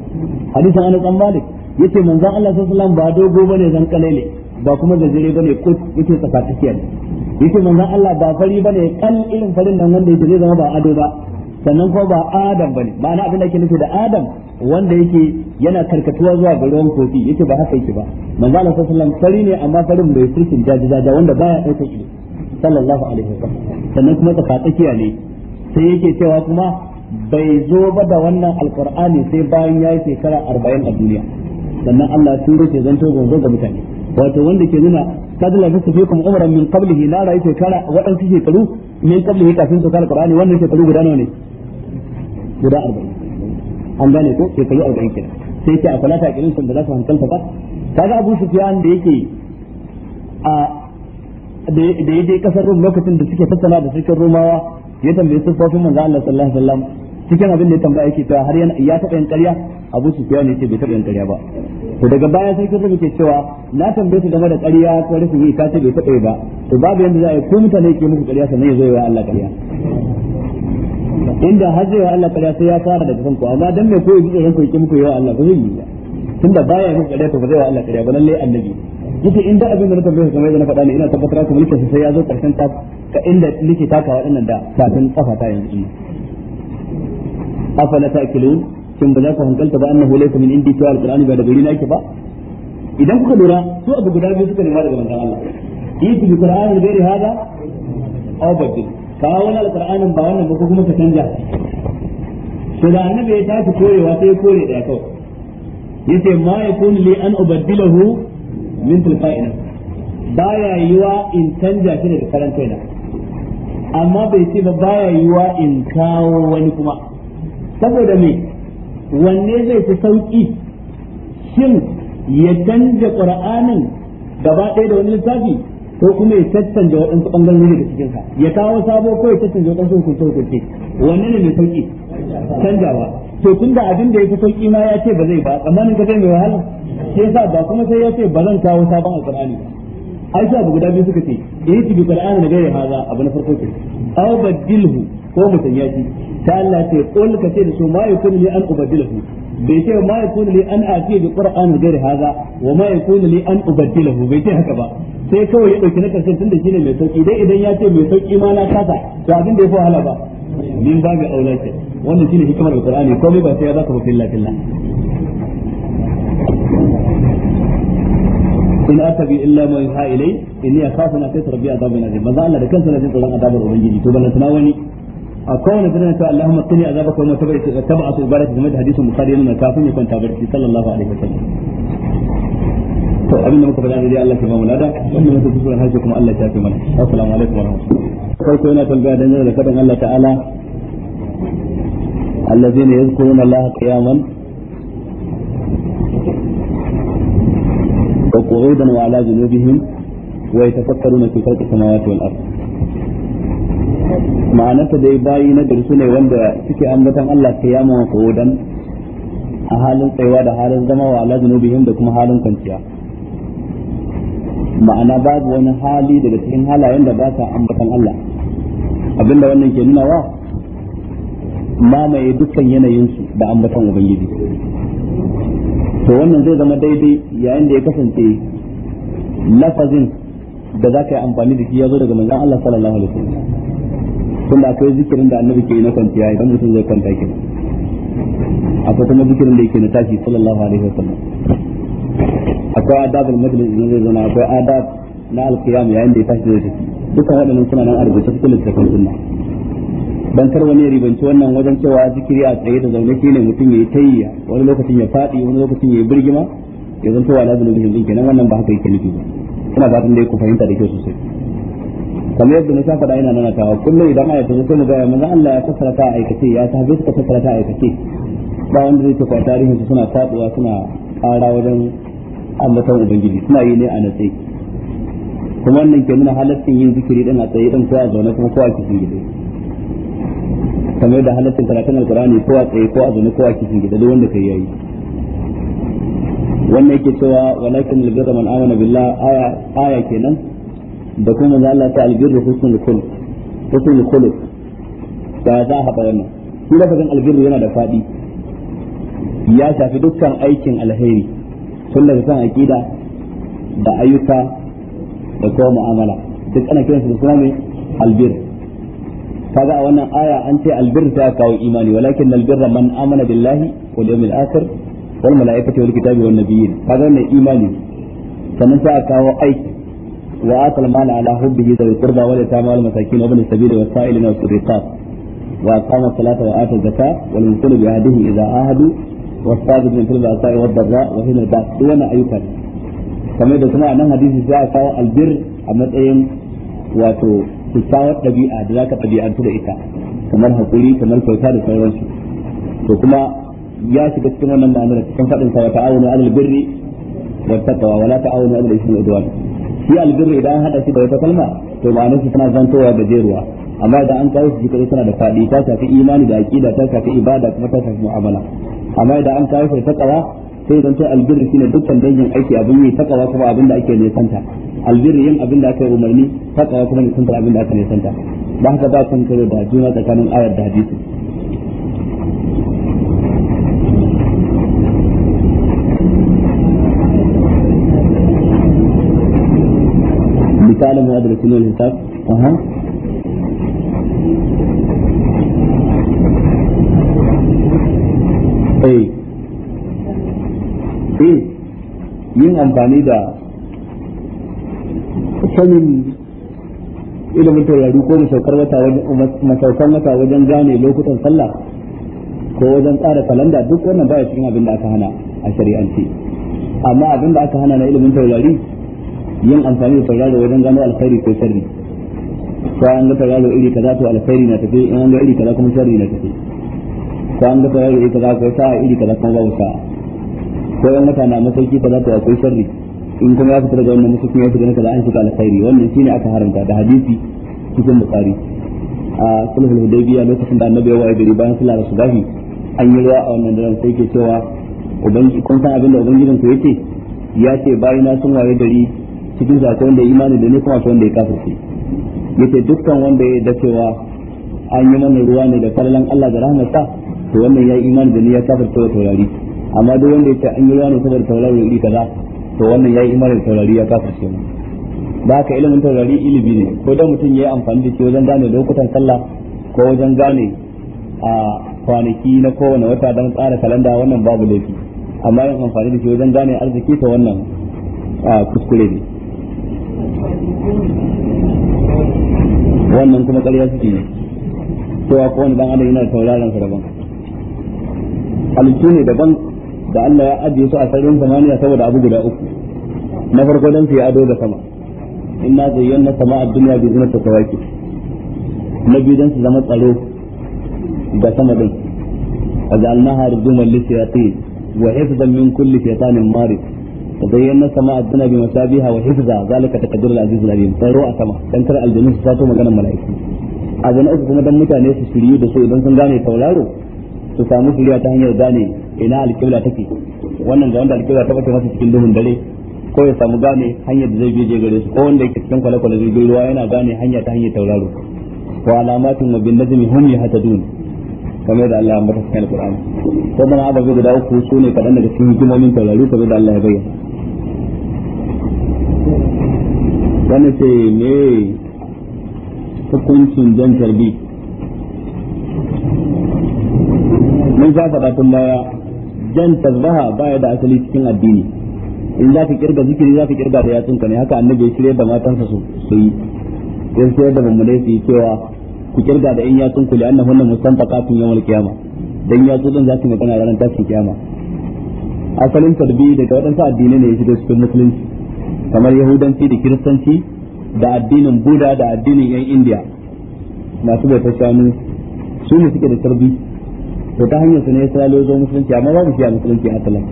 hadisin anas an malik yace manzon Allah sallallahu alaihi wasallam ba dogo ba ne zan kalele ba kuma gajere ne ko yace tsakatakiyar yake manzan Allah ba fari ne kan irin farin nan wanda yake zai zama ba ado ba sannan kuma ba adam ba ne ma'ana abin da yake nufi da adam wanda yake yana karkatuwa zuwa ga ruwan kofi yake ba haka yake ba manzo Allah sallallahu alaihi fari ne amma farin bai sirkin jajijaja wanda baya aika shi sallallahu alaihi wasallam sannan kuma tsakatsakiya ne sai yake cewa kuma bai zo ba da wannan alqur'ani sai bayan yayi shekara 40 a duniya sannan Allah sun rufe zanto gonzo ga mutane wato wanda ke nuna kad la fitu fikum umran min qablihi la ra'aytu kala wadansu shekaru min qablihi kafin to kala qur'ani wannan shekaru guda nawa ne guda arba'in an gane ko kai arba'in kenan sai ce a falata a san da za su hankalta ba kaga Abu Sufyan da yake a da ya kasar Rum lokacin da suke tattauna da cikin Romawa ya tambaye sufofin manzo Allah sallallahu alaihi wasallam cikin abin da ya tambaya yake cewa har ya taɓa yin ƙarya Abu Sufyan ne ce bai taɓa yin ƙarya ba to daga baya sai kin yake cewa na tambaye su game da ƙarya ko rashin yi ka ce bai taɓa ba to babu yanda za a yi ko mutane ke muku ƙarya sannan ya zo ya Allah ƙarya inda hajjewa Allah kada sai ya fara daga kanku amma dan me ko kowai tsoron ku yake muku yawa Allah ba zai yi ba da baya yin kada to ba zai wa Allah kada ba lalle annabi yace inda abin da na tambaye kamar yadda na faɗa ne ina tabbatar ku mulki sai ya zo karshen ta ka inda nake takawa dinnan da kafin kafa ta yanzu afala ta'kilun kin ba za ku hankalta ba annahu laysa min indi to alqur'ani ba da gari na ba idan kuka lura su abu guda biyu suka nema daga manzon Allah yi bi qur'ani gairi hada aw badil ka wani alqur'anin ba wannan ba ko kuma ka canja to da annabi ya tafi korewa sai ya kore da kawai yace ma yakun li an ubaddilahu min tilqa'ina baya yiwa in canja shi daga karan amma bai ce ba baya yiwa in kawo wani kuma saboda me wanne zai fi sauki shin ya canja qur'anin gaba ɗaya da wani littafi ko kuma ya cancanta waɗansu ɓangarori daga cikin ka ya kawo sabo ko ya cancanta waɗansu hukunce hukunce wanne ne mai sauƙi? canjawa to tun da abin da ya fi sauƙi ma ya ce ba zai ba tsammanin ka zai mai wahala shi sa ba kuma sai ya ce ba zan kawo sabon alƙur'ani ba Aisha abu guda biyu suka ce eh ti bi qur'ani da gairi haza abu na farko ke aw badilhu ko mutanya shi ta Allah ce qul ka ce da su ma ya yakun li an ubadilahu bai ce ma ya yakun li an ati bi qur'ani gairi haza wa ma ya yakun li an ubadilahu bai ce haka ba sai kawai ya dauki na karshen tunda shine mai sauki dai idan ya ce mai sauki ma na kasa to abin da fi wahala ba min babu aula ce wannan shine hikimar alqur'ani komai ba sai ya zaka mafi lafiya in in atabi illa mai yuha ilai ya kasa na kai rabbi azabun azim manzo Allah da kansa na jin tsoron azabar ubangiji to ban suna wani a kowane gudana ta Allahumma qini azabaka wa tabi'a tabi'a su baraka game da hadisin bukhari yana kafin ya kwanta barci sallallahu alaihi wasallam to abin da muka faɗa ne dai Allah ke ba mu lada wannan muka kusura harshe kuma Allah ya fi mana assalamu alaikum wa rahmatullahi farko yana tambaya dangane da faɗin Allah ta'ala الذين يذكرون الله قياما وقعودا وعلى جنوبهم ويتفكرون في خلق السماوات والارض ma'anarsa dai bayi na su ne wanda suke ambatan Allah kiyama wa kodan a halin tsayuwa da halin zama wa ala zunubihim da kuma halin kwanciya ma'ana babu wani hali daga cikin halayen da ba sa ambatan Allah abinda wannan ke nuna wa mamaye dukkan yanayinsu da ambatan ubangiji to wannan zai zama daidai yayin da ya kasance lafazin da za ka yi amfani da shi ya zo daga manzon Allah sallallahu alaihi wasallam tunda akwai zikirin da annabi ke yi na kwanciya idan mutum zai kwanta kenan akwai kuma zikirin da yake na tashi sallallahu alaihi wasallam akwai adabul majlis idan zai zauna akwai adab na alkiyam yayin da ya tashi zai tafi dukkan waɗannan suna nan a rubuce cikin littafin sunna dan kar wani ribanci wannan wajen cewa zikiri a tsaye da zaune shine mutum yayi tayya wani lokacin ya fadi wani lokacin yayi birgima ya zanto wa lazimi bin din kenan wannan ba haka yake nufi ba ba tun da ku fahimta da kyau sosai kamar yadda na saka da ina nana tawa kullum idan aya ta zo mu ga manzo Allah ya fassara ta aikace ya ta bi ta fassara ta aikace ba wanda zai tafi ko tarihin su suna faduwa suna ƙara wajen ambatan ubangiji suna yi ne a natsayi kuma wannan ke nuna halaccin yin zikiri din a tsaye din ko a zaune kuma ko a cikin gida kamar da halaccin karatun alkurani ko a tsaye ko a zaune ko a cikin gida duk wanda kai yayi wannan yake cewa walakin albirra man amana billah aya aya kenan da kuma da Allah ta albirru husnul khuluq husnul khuluq da za a haɗa wannan shi lafazin albirru yana da fadi ya shafi dukkan aikin alheri tun daga kan aqida da ayyuka da kuma mu'amala duk ana kiransu da suna mai albir kaga a wannan aya an ce albir ta kawo imani walakin albirra man amana billahi wal yawmil akhir wal malaikati wal kitabi wan nabiyyin kaga wannan imani sannan ta kawo aiki wa atal mala ala hubbihi dal qurba wal yatama wal masakin wa ibn sabil was sa'ilina was riqab wa aqama salata wa ata zakata wal musalli bi ahdihi idha ahadu والصادق من كل العطاء والضراء وحين الباس دون أيوكا kamar da kuma a nan hadisi za a kawo albir a matsayin wato kyakkyawar ɗabi'a da za ka ɗabi'antu da ita kamar hakuri kamar kyauta da sauransu to kuma ya shiga cikin wannan ma'amala cikin faɗin sa wata awonu alal birri wa taqwa wala ta'awunu alal ismi udwan shi albirri idan hada shi da wata kalma to ma'anar shi tana zantowa gajeruwa amma idan an kawo shi kadai tana da faɗi ta shafi imani da aqida ta shafi ibada kuma ta shafi mu'amala amma idan an kawo shi takawa sai idan ta albirri shine dukkan dangin aiki abin yi takawa kuma abin da ake nisanta albirri yin abin da aka yi umarni takawa kuma nisanta abin da aka nisanta da haka ba kan kare da juna tsakanin ayar da hadisi misalin mu'adalatin wal hisab aha yin amfani da sanin ilimin taurari ko masaukar wata masaukan wata wajen gane lokutan sallah ko wajen tsara kalanda duk wannan baya cikin abin da aka hana a shari'ance amma abin da aka hana na ilimin taurari yin amfani da taurari wajen gano alkhairi ko sharri ko an ga taurari iri kaza to alkhairi na tafi in an ga iri kaza kuma sharri na tafi ko an ga taurari iri kaza ko sa'a iri kaza kuma babu sa'a ko yan wata na masauki kaza to akwai sharri in kuma ya fita daga wannan masauki ya fita kaza an shiga alkhairi wannan shine aka haramta da hadisi cikin bukhari a sulhul hudaybiya lokacin da annabi ya waye gari bayan sallar subahi an yi ruwa a wannan daren sai ke cewa ubangi kun san abin da ubangijin ku yace ya ce bayina sun waye gari cikin su akwai wanda ya imani da ne kuma akwai wanda ya kafirce yace dukkan wanda ya da cewa an yi mana ruwa ne da kallon Allah da rahmatsa to wannan ya imani da ni ya kafirce wa taurari amma duk wanda ya ce an yi ruwa ne saboda taurari iri kaza to wannan yayi imanin taurari ya kafa ce ba ka ilimin taurari ilimi ne ko da mutum ya yi amfani da shi wajen gane lokutan sallah ko wajen gane a kwanaki na kowane wata don tsara kalanda wannan babu laifi amma yin amfani da shi wajen gane arziki to wannan kuskure ne wannan kuma ƙarya suke ne cewa kowane dan adam yana da tauraron sa daban halittu ne daban da Allah ya ajiye su a sararin samaniya saboda abu guda uku na farko dan su ya ado da sama inna zayyana sama'a dunya bi zinati kawaki na biyu dan su zama tsaro da sama din وجعلناها رجوما للشياطين وحفظا من كل شيطان مارد وزينا السماء الدنيا بمثابها وحفظا ذلك تقدير العزيز العليم طيروا السماء dan kar aljanu su sato maganar mala'iku abu na uku kuma dan mutane su shiryu da su idan sun gane tauraro su samu shirya ta hanyar gane ina alƙibla take wannan da wanda alƙibla ta bace masa cikin duhun dare ko ya samu gane hanyar da zai je je gare su ko wanda yake cikin kwale-kwale zai bi ruwa yana gane hanya ta hanyar tauraro wa alamatin wa bin najmi hum yahtadun kamar da Allah ya ambata cikin Qur'ani ko mana ababe guda uku su ne kadan daga cikin hikimomin tauraro kamar da Allah ya bayyana wani ce me hukuncin jan tarbi mun sa faɗa tun baya jan tasbaha baya da asali cikin addini in za ka kirga zikiri za ka kirga da yatsunka ne haka annabi ya shirya da matansa su yi ya shirya da mummunai su yi cewa ku kirga da in yatsun ku li'anna hunna mustanfaqatun yawmal qiyama dan yatsu din za su magana ranar tashin kiyama asalin tarbi daga waɗansu addinai ne ya shiga cikin musulunci kamar yahudanci da kiristanci da addinin buda da addinin yan indiya masu bautar shanu su ne suke da tarbi to ta hanyar su ne sai ya zo musulunci amma babu shi a musulunci a talan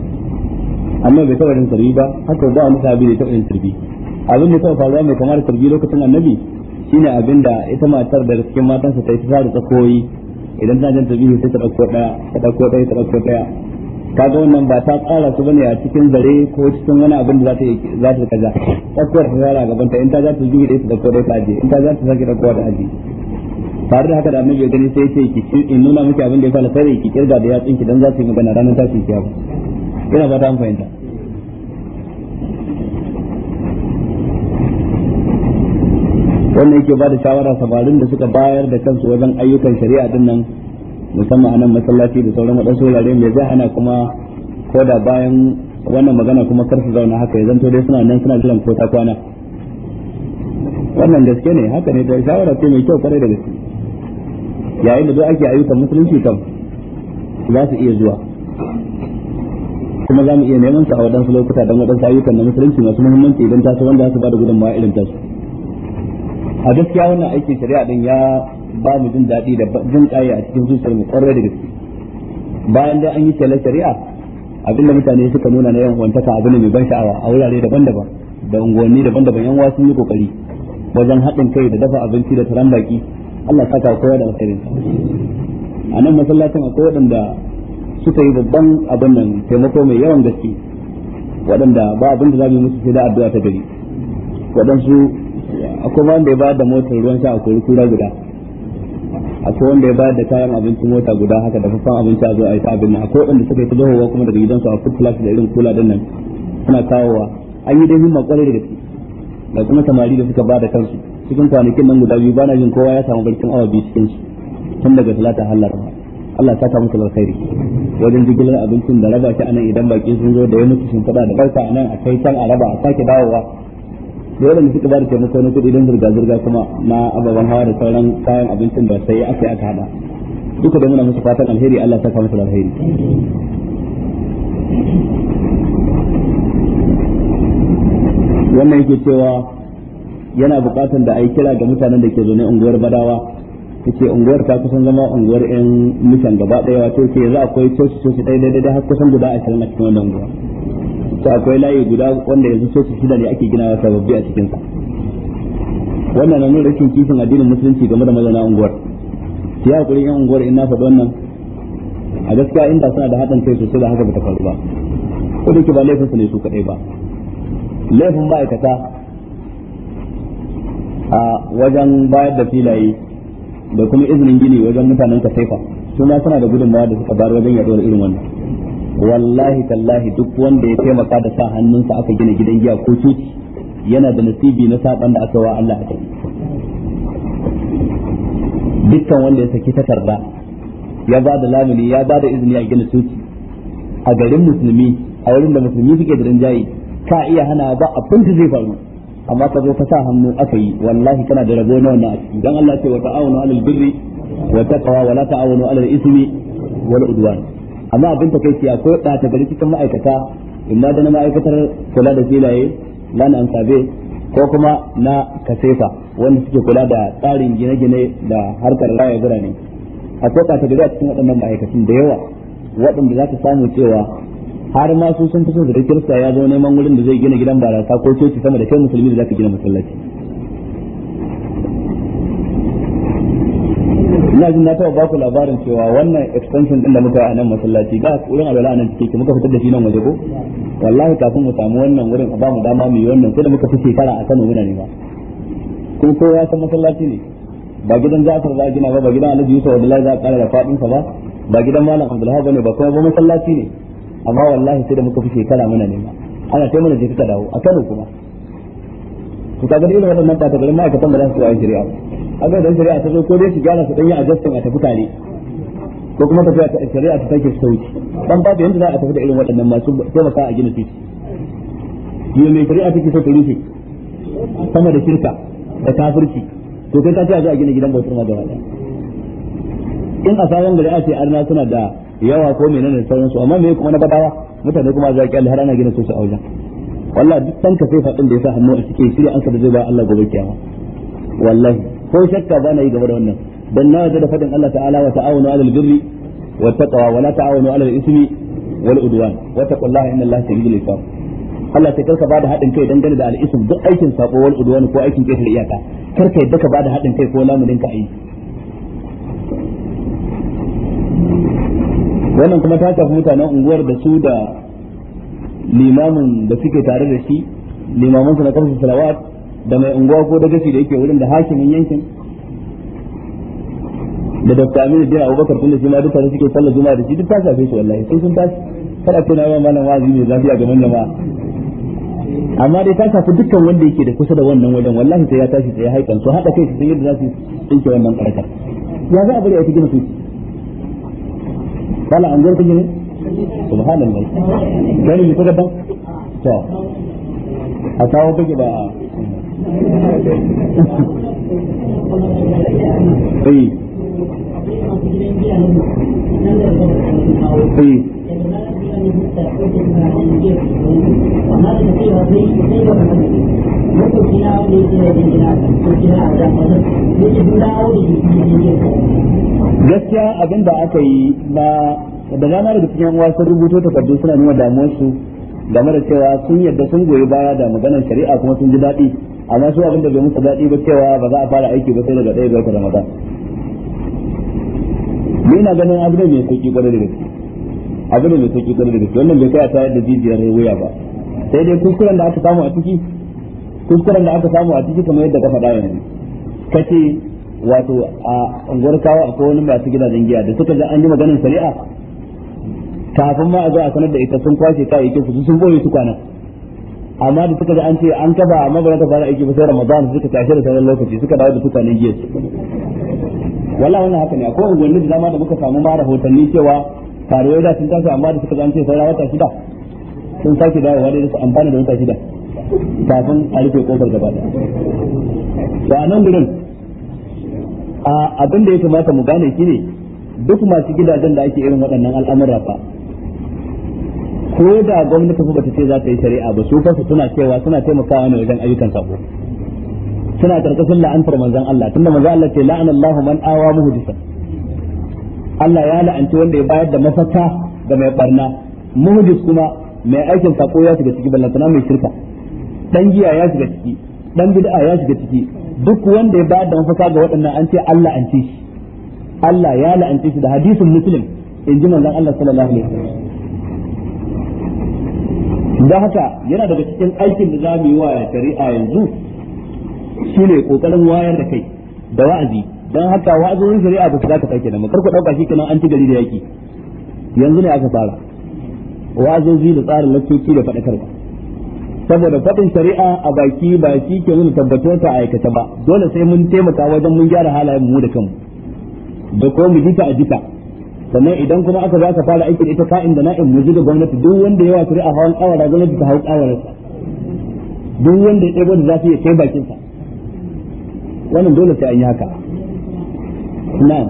amma bai taɓa yin tarbi ba haka ba wani sahabi da taɓa yin tarbi abin da ta faruwa mai kamar tarbi lokacin annabi shine abin da ita matar da cikin matan sa ta yi ta da tsakoyi idan ta jin tarbi sai ta dauko daya ta dauko daya ta ɗauko ta kaga wannan ba ta tsara su bane a cikin zare ko cikin wani abin da za ta za ta kaza tsakuwar ta tsara gaban ta in ta za ta yi da ita da kodai ta aje in ta za ta sake da kowa da aje tare da haka da annabi ya gani sai ce ki in nuna miki abin da ya fara sai ki kirga da yatsin ki dan za su yi magana ranar tashin kiyama ina fata an fahimta wannan yake ba da shawara sabarin da suka bayar da kansu wajen ayyukan shari'a din nan musamman a nan masallaci da sauran waɗansu wurare mai zai hana kuma ko da bayan wannan magana kuma kar su zauna haka ya zanto dai suna nan suna jiran ko ta kwana wannan gaske ne haka ne da shawara ce mai kyau kwarai da gaske yayin da duk ake ayyukan musulunci kam za su iya zuwa kuma za mu iya neman su a waɗansu lokuta don waɗansu ayyukan na musulunci masu muhimmanci idan tasu wanda za su ba da gudunmawa irin tasu a gaskiya wannan aikin shari'a din ya ba mu jin daɗi da jin ƙaya a cikin zuciyar mu ƙwarar da gaske bayan dai an yi shelar shari'a abinda mutane suka nuna na yan wantaka abu ne mai ban sha'awa a wurare daban-daban da unguwanni daban-daban yan wasu yi kokari wajen haɗin kai da dafa abinci da taron baki Allah saka kowa da alkhairin a nan masallacin akwai waɗanda suka yi babban abin nan taimako mai yawan gaske waɗanda ba abin da za mu yi musu sai da addu'a ta gari waɗansu akwai wanda ya ba da motar ruwan sha a kori kura guda akwai wanda ya bayar da kayan abinci mota guda haka da fafan abinci a zo a yi ta abin nan akwai wanda suka yi ta zahowa kuma daga gidansu a food class da irin kula din nan suna kawowa an yi dai himma kwarai da gaske da kuma samari da suka ba da kansu cikin kwanakin nan guda biyu bana jin kowa ya samu barkin awa biyu cikin su tun daga talata har laraba Allah ta samu kalar khairi wajen jigilar abincin da raba shi anan idan baki sun zo da ya mutu sun fada da barka anan a kai can a raba a sake dawowa dole ne suka ba da taimako na kuɗi don zirga-zirga kuma na ababen hawa da sauran kayan abincin da sai aka yi aka hada duka da muna musu fatan alheri Allah ta samu musu khairi wannan yake cewa yana bukatan da a yi kira ga mutanen da ke zaune unguwar badawa ce unguwar ta kusan zama unguwar yan mishan gaba daya wato ke yanzu akwai coci coci ɗaya daidai da har kusan guda ashirin a cikin wannan unguwa to akwai layi guda wanda yanzu coci shida ne ake ginawa sababbi a cikinsa wannan na nuna rashin kishin addinin musulunci game da mazauna unguwar ki hakuri yan unguwar in na faɗi wannan a gaskiya inda suna da haɗin kai sosai da haka bata faru ba ko da ke ba laifinsa su ne su kaɗai ba laifin ma'aikata a wajen bayar da filaye da kuma izinin gini wajen mutanen kasaifa su ma suna da gudunmawa da suka bayar wajen yaɗuwar irin wannan wallahi tallahi duk wanda ya taimaka da sa hannunsa aka gina gidan giya ko cuci yana da nasibi na saban da aka wa Allah a kai dukkan wanda ya saki takarda ya ba da lamuni ya ba da izini a gina cuci a garin musulmi a wurin da musulmi suke da rinjaye ka iya hana ba abin da zai faru amma ka zo ka sa hannu aka yi wallahi kana da rabo na wannan a dan Allah ce wa ta'awunu 'alal birri wa taqwa wa la ta'awunu 'alal ismi wal udwan amma abin takeici ko da ta gari cikin ma'aikata inna da na ma'aikatar kula da filaye lana an sabe ko kuma na kasefa wanda suke kula da tsarin gine-gine da harkar raya birane akwai ta gari a cikin waɗannan ma'aikatan da yawa waɗanda za ka samu cewa har ma su sun tafi da rikirsa ya zo neman wurin da zai gina gidan barasa ko coci sama da kai musulmi da zaka gina masallaci ina jin na taba baku labarin cewa wannan extension din da muka a nan masallaci ga wurin alwala nan cike muka fitar da shi nan waje ko wallahi kafin mu samu wannan wurin ba mu dama mu yi wannan sai da muka fi shekara a Kano muna nema ba kuma ya san masallaci ne ba gidan Jafar za a gina ba ba gidan Alhaji Yusuf Abdullahi za a kara da fadin sa ba ba gidan Malam Abdulhaji ne ba kuma ba masallaci ne amma wallahi sai da muka fi shekara muna nema ana sai mana je ka dawo a Kano kuma to kaga irin wannan ta garin ma'aikatan ba za su yi shari'a ba ga dan shari'a ta zo ko dai su gyara su dan yi adjustment a tafi tare ko kuma tafiya ta shari'a ta take sauki dan babu yanda za a tafi da irin waɗannan masu taimaka a gina titi yi mai shari'a take so ta rufe sama da shirka da kafirci to kai ka ce a zo a gina gidan bautar ma gaba in a sabon gari a ce arna suna da yawa ko menene da sauransu amma me kuma na gabawa mutane kuma za ki Allah har ana gina su a wajen wallahi duk san ka sai fadin da yasa hannu a cikin shirya an ka zai ba Allah gobe kiyama wallahi ko shakka ba na yi gaba da wannan dan na da fadin Allah ta'ala wa ta'awunu 'alal birri wat taqwa wa la ta'awunu 'alal ismi wal udwan wa taqullaha inna Allaha shadidul iqab Allah ta karka bada haɗin kai dangane da al'isim duk aikin sako wal udwan ko aikin ƙetare iyaka karka yadda ka bada haɗin kai ko lamunin ka ayi wannan kuma ta shafi mutanen unguwar da su da limamin da suke tare da shi limamin su na karfin salawat da mai unguwa ko dagaci da yake wurin da hakimin yankin da dr aminu jira abubakar tun da shi ma duka da suke sallar juma'a da shi duk ta shafe shi wallahi sai sun tashi kada kuna yawan malam wazi mai a gaban manyan amma dai ta shafi dukkan wanda yake da kusa da wannan wajen wallahi sai ya tashi sai ya haikan su haɗa kai su yadda za su tsinke wannan karkar ya za a bari a ta gina su bala an zarku ne subhanallah gani ne kuka ban to a kawo bage da eh eh gaskiya abin da aka yi na da dama da cikin wasan rubuto takardu suna nuna damuwarsu game da cewa sun yadda sun goyi baya da maganar shari'a kuma sun ji daɗi amma su abin da bai musu daɗi ba cewa ba za a fara aiki ba sai daga ɗaya ga da mata ni na ganin abin da mai kuki kwarai da gaske abin da mai sauki kwarai da gaske wannan bai kai a tayar da jijiyar wuya ba sai dai kuskuren da aka samu a ciki kuskuren da aka samu a ciki kamar yadda ka faɗa yanzu ce wato a unguwar kawo a wani masu gidajen giya da suka ga an yi maganin shari'a kafin ma a zo a sanar da ita sun kwashe kayayyakin su sun goye su kwana amma da suka ji an ce an kafa amma ba ta fara aiki ba sai Ramadan suka tashi da sanar lokaci suka dawo da tukanin giya wallahi wannan haka ne akwai unguwanni da dama da muka samu ma rahotanni cewa yau da sun tafi amma da suka ce saura wata shida sun sake dawowa da su amfana da wata shida kafin a rufe kofar gaba da to a nan gurin abin da ya kamata mu gane shine duk masu gidajen da ake irin waɗannan al'amura fa ko da gwamnati ba ta ce za ta yi shari'a ba su kansu suna cewa suna taimakawa ne wajen ayyukan sako suna karkashin la'antar manzon Allah tunda manzon Allah ce la'anallahu man awa muhdisan Allah ya la'anci wanda ya bayar da mafaka ga mai barna muhdis kuma mai aikin sako ya shiga ciki ballantana mai shirka dan giya ya shiga ciki dan bid'a ya shiga ciki duk wanda ya bayar da mafaka ga waɗannan an ce Allah an ce shi Allah ya la'anci shi da hadisin muslim in ji manzon Allah sallallahu alaihi wasallam da haka yana daga cikin aikin da za mu yi wa shari'a yanzu shine kokarin wayar da kai da wa'azi dan haka wa'azin shari'a ba su za ka sake nan kar ku dauka shi kenan an ci gari da yaki yanzu ne aka fara wa'azozi da tsarin lokaci da fadakarwa saboda fadin shari'a a baki ba shi ke nuna tabbatar ta aikata ba dole sai mun taimaka wajen mun gyara halayen mu da kanmu da ko mu jita a jita sannan idan kuma aka za ka fara aikin ita ka'in da na'in mu da gwamnati duk wanda yawa shari'a hawan kawara gwamnati ta hawan kawararsa duk wanda ya ɗebo da za su iya kai bakinsa wannan dole sai an yi haka na'am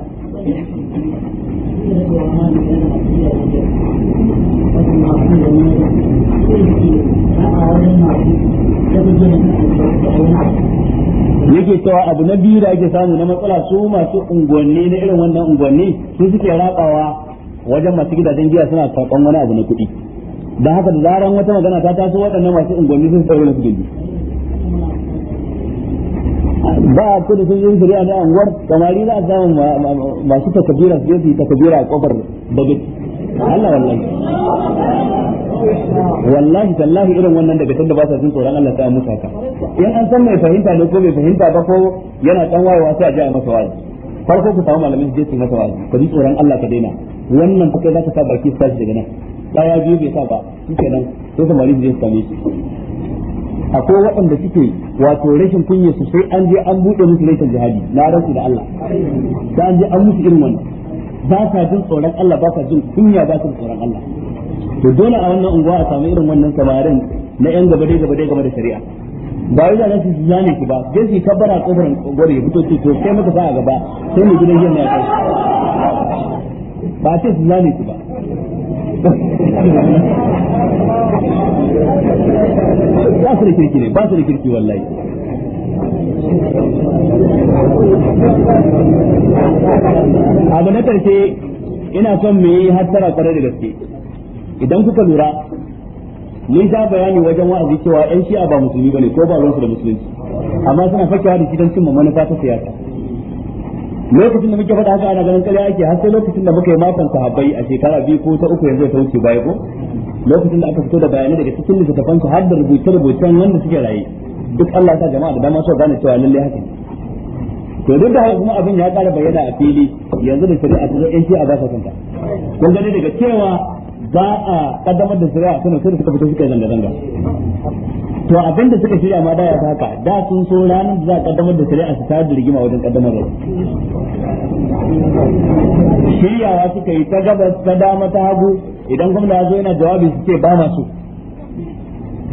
yake cewa abu na biyu da ake samu na matsala su masu unguwanni na irin wannan unguwanni su suke rakawa wajen masu gidajen giya suna karɓan wani abu na kuɗi da haka da zaran wata magana ta taso waɗannan masu unguwanni sun tsaye wani su ba a da sun yi shari'a na anguwar kamari za a samu masu takabira su yi takabira a kofar daga Allah wallahi wallahi tallahi irin wannan daga tunda ba sa jin tsoron Allah ta musa ka in an san mai fahimta ne ko mai fahimta ba ko yana dan wayewa sai a ji a masa wazi farko ku samu malamin je su masa wazi ka ji tsoron Allah ka daina wannan fa kai za ka sa baki tashi daga nan daya biyu bai sa ba shikenan sai samari je su same shi akwai waɗanda suke wato rashin kunya su sai an je an buɗe musu laifin jihadi na rasu da Allah da an je an musu irin wannan ba sa jin tsoron Allah ba sa jin kunya ba sa tsoron Allah to dole a wannan unguwa a samu irin wannan samarin na yan gaba dai gaba dai gaba da shari'a ba wai zan su zane ki ba sai su kabbara kofar gore ya fito ce to sai maka sa a gaba sai mu gidan yin na ba sai su zane ki ba ba su da kirki ne ba su da kirki wallahi abu na karshe ina son mu yi hattara kwarai da gaske idan kuka lura za a bayani wajen wa'azi cewa yan shi'a ba musulmi bane ko ba ruwansu da musulunci amma suna fakewa da shi don cimma manufa ta siyasa lokacin da muke faɗa haka ana ganin ake har sai lokacin da muka yi matan sahabbai a shekara biyu ko ta uku yanzu ta wuce baya ko lokacin da aka fito da bayanai daga cikin littattafan su har da rubuce-rubucen wanda suke raye duk Allah sa jama'a da dama so gane cewa lalle haka to duk da haka kuma abin ya ƙara bayyana a fili yanzu da shari'a ta zo in shi'a ba sa kanta kun gani daga cewa Za a kaddamar da shari'a suna sai da suka fito suka zanga zanga to abin da suka shirya ma daya ya haka da sun so ranar da za a kaddamar da shari'a su tare da rigima wajen kaddamar da shiryawa suka yi ta gabas ta dama ta hagu idan gwamna ya zo yana jawabi su ce ba masu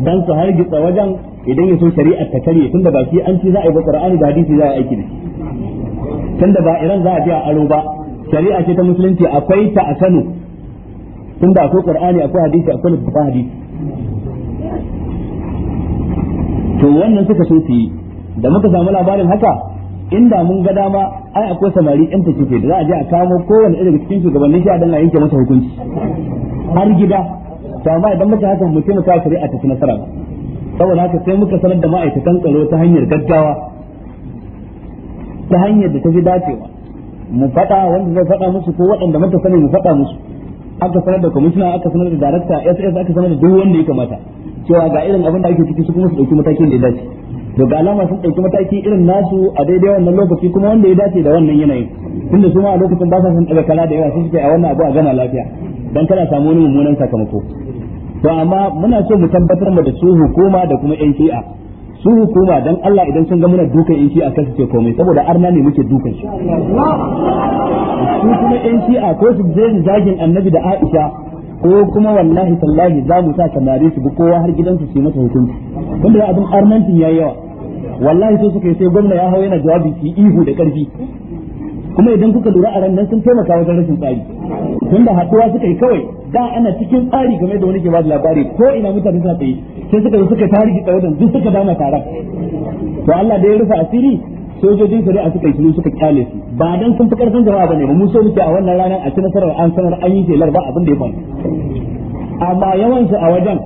dan su hargitsa wajen idan ya so shari'a ta karye tunda ba shi an ci za a yi ba qur'ani da hadisi za a aiki da shi tunda ba iran za a biya aro ba shari'a ce ta musulunci akwai ta a Kano tun da akwai qur'ani akwai hadisi akwai littafin hadisi to wannan suka so su yi da muka samu labarin haka inda mun ga dama ai akwai samari ta take da za a je a kamo kowanne daga cikin shugabannin shi a dan a yanke masa hukunci har gida to amma idan muka haka mu taimaka shari'a ta nasara saboda haka sai muka sanar da ma'aikatan tsaro ta hanyar gaggawa ta hanyar da ta fi dacewa mu faɗa wanda zai faɗa musu ko waɗanda muka sani mu faɗa musu aka sanar da kwamishina aka sanar da darakta ss aka sanar da duk wanda ya kamata cewa ga irin abin da ake ciki su kuma su ɗauki matakin da ya dace to ga alama sun ɗauki mataki irin nasu a daidai wannan lokaci kuma wanda ya dace da wannan yanayin tunda su ma a lokacin ba sa son ɗaga kala da yawa sun suke a wannan abu a gana lafiya dan kana samu wani mummunan sakamako to amma muna so mu tabbatar mu da su hukuma da kuma yan shi'a su hukuma dan Allah idan sun ga muna dukan yan shi'a kasu ce komai saboda arna ne muke dukan shi su kuma yan shi'a ko su je zagin annabi da aisha ko kuma wallahi tallahi za mu sa samari su bi kowa har gidansu su yi mata hukunci wanda abin armantin yi yawa wallahi so suka yi sai gwamna ya hau yana jawabi ki ihu da karfi kuma idan kuka lura a nan sun taimaka wajen rashin tsari tun da haɗuwa suka yi kawai da ana cikin tsari game da wani ke ba da labari ko ina mutane suna tsaye sai suka yi suka tarihi tsawadan duk suka dama tara to Allah da ya rufe asiri sojojin a suka yi shiru suka kyale su ba dan sun fi karfin jama'a bane ba mu so muke a wannan ranar a ci nasarar an sanar an yi shelar ba abin da ya faru amma yawan su a wajen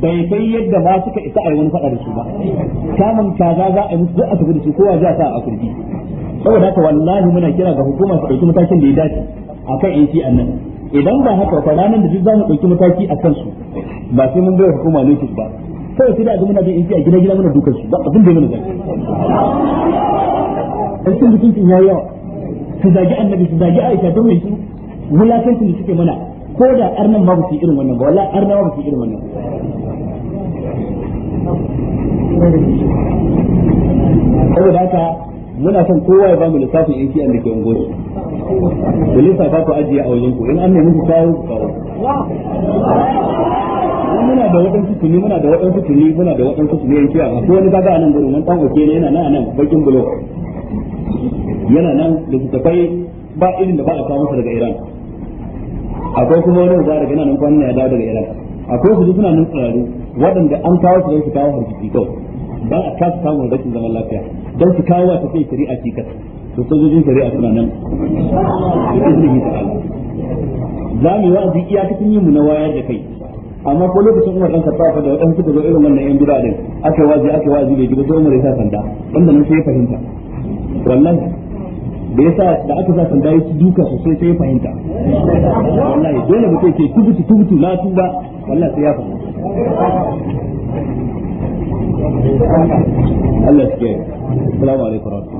bai kai yadda ba suka isa a wani faɗa da su ba kamun kaza za a musu a tafi da su kowa za sa a kurji saboda haka wallahi muna kira ga hukuma su ɗauki matakin da ya dace akan AC annan idan ba haka fa ranar da duk za mu ɗauki mataki a kansu ba sai mun bai hukuma notice ba kawai sai da abin muna bin AC a gida gida muna dukan su ba abin da ya mana zai cikin mutuncin yayi yawa su zagi annabi su zagi aisha don me su wulakancin da suke mana ko da arnan ma ba su irin wannan ba wala arnan ma ba su irin wannan saboda haka muna son kowa ya bamu lissafin yan kiyan da ke ungoshi da lissafa ku ajiye a wajen ku in an nemi ku kawo ku kawo muna da waɗansu tuni muna da waɗansu tuni muna da waɗansu tuni yan kiyan akwai wani gaga a nan gurin nan ɗan oke ne yana nan a nan bakin bulo yana nan da su tafai ba irin da ba a kawo masa daga Iran akwai kuma wani da daga nan kwanan ya dawo daga Iran akwai su suna nan tsararru waɗanda an kawo su don su kawo harkiki kawai ba a kasa samun rashin zaman lafiya don su kawo wata kai shari'a ci kasa to sojojin shari'a suna nan izini ta'ala za mu yi wa'azi cikin yin mu na wayar da kai amma ko lokacin umar dan kafafa da waɗansu da zo irin wannan yan bid'a ake aka wazi aka wazi bai gida ba sai umar ya sa sanda wanda nan sai ya fahimta wallahi da yasa da aka sa sanda ya duka sosai sai ya fahimta wallahi dole mutum ke tubutu tubutu na tuba wallahi sai ya fahimta Allah ya kiyaye salamu alaikum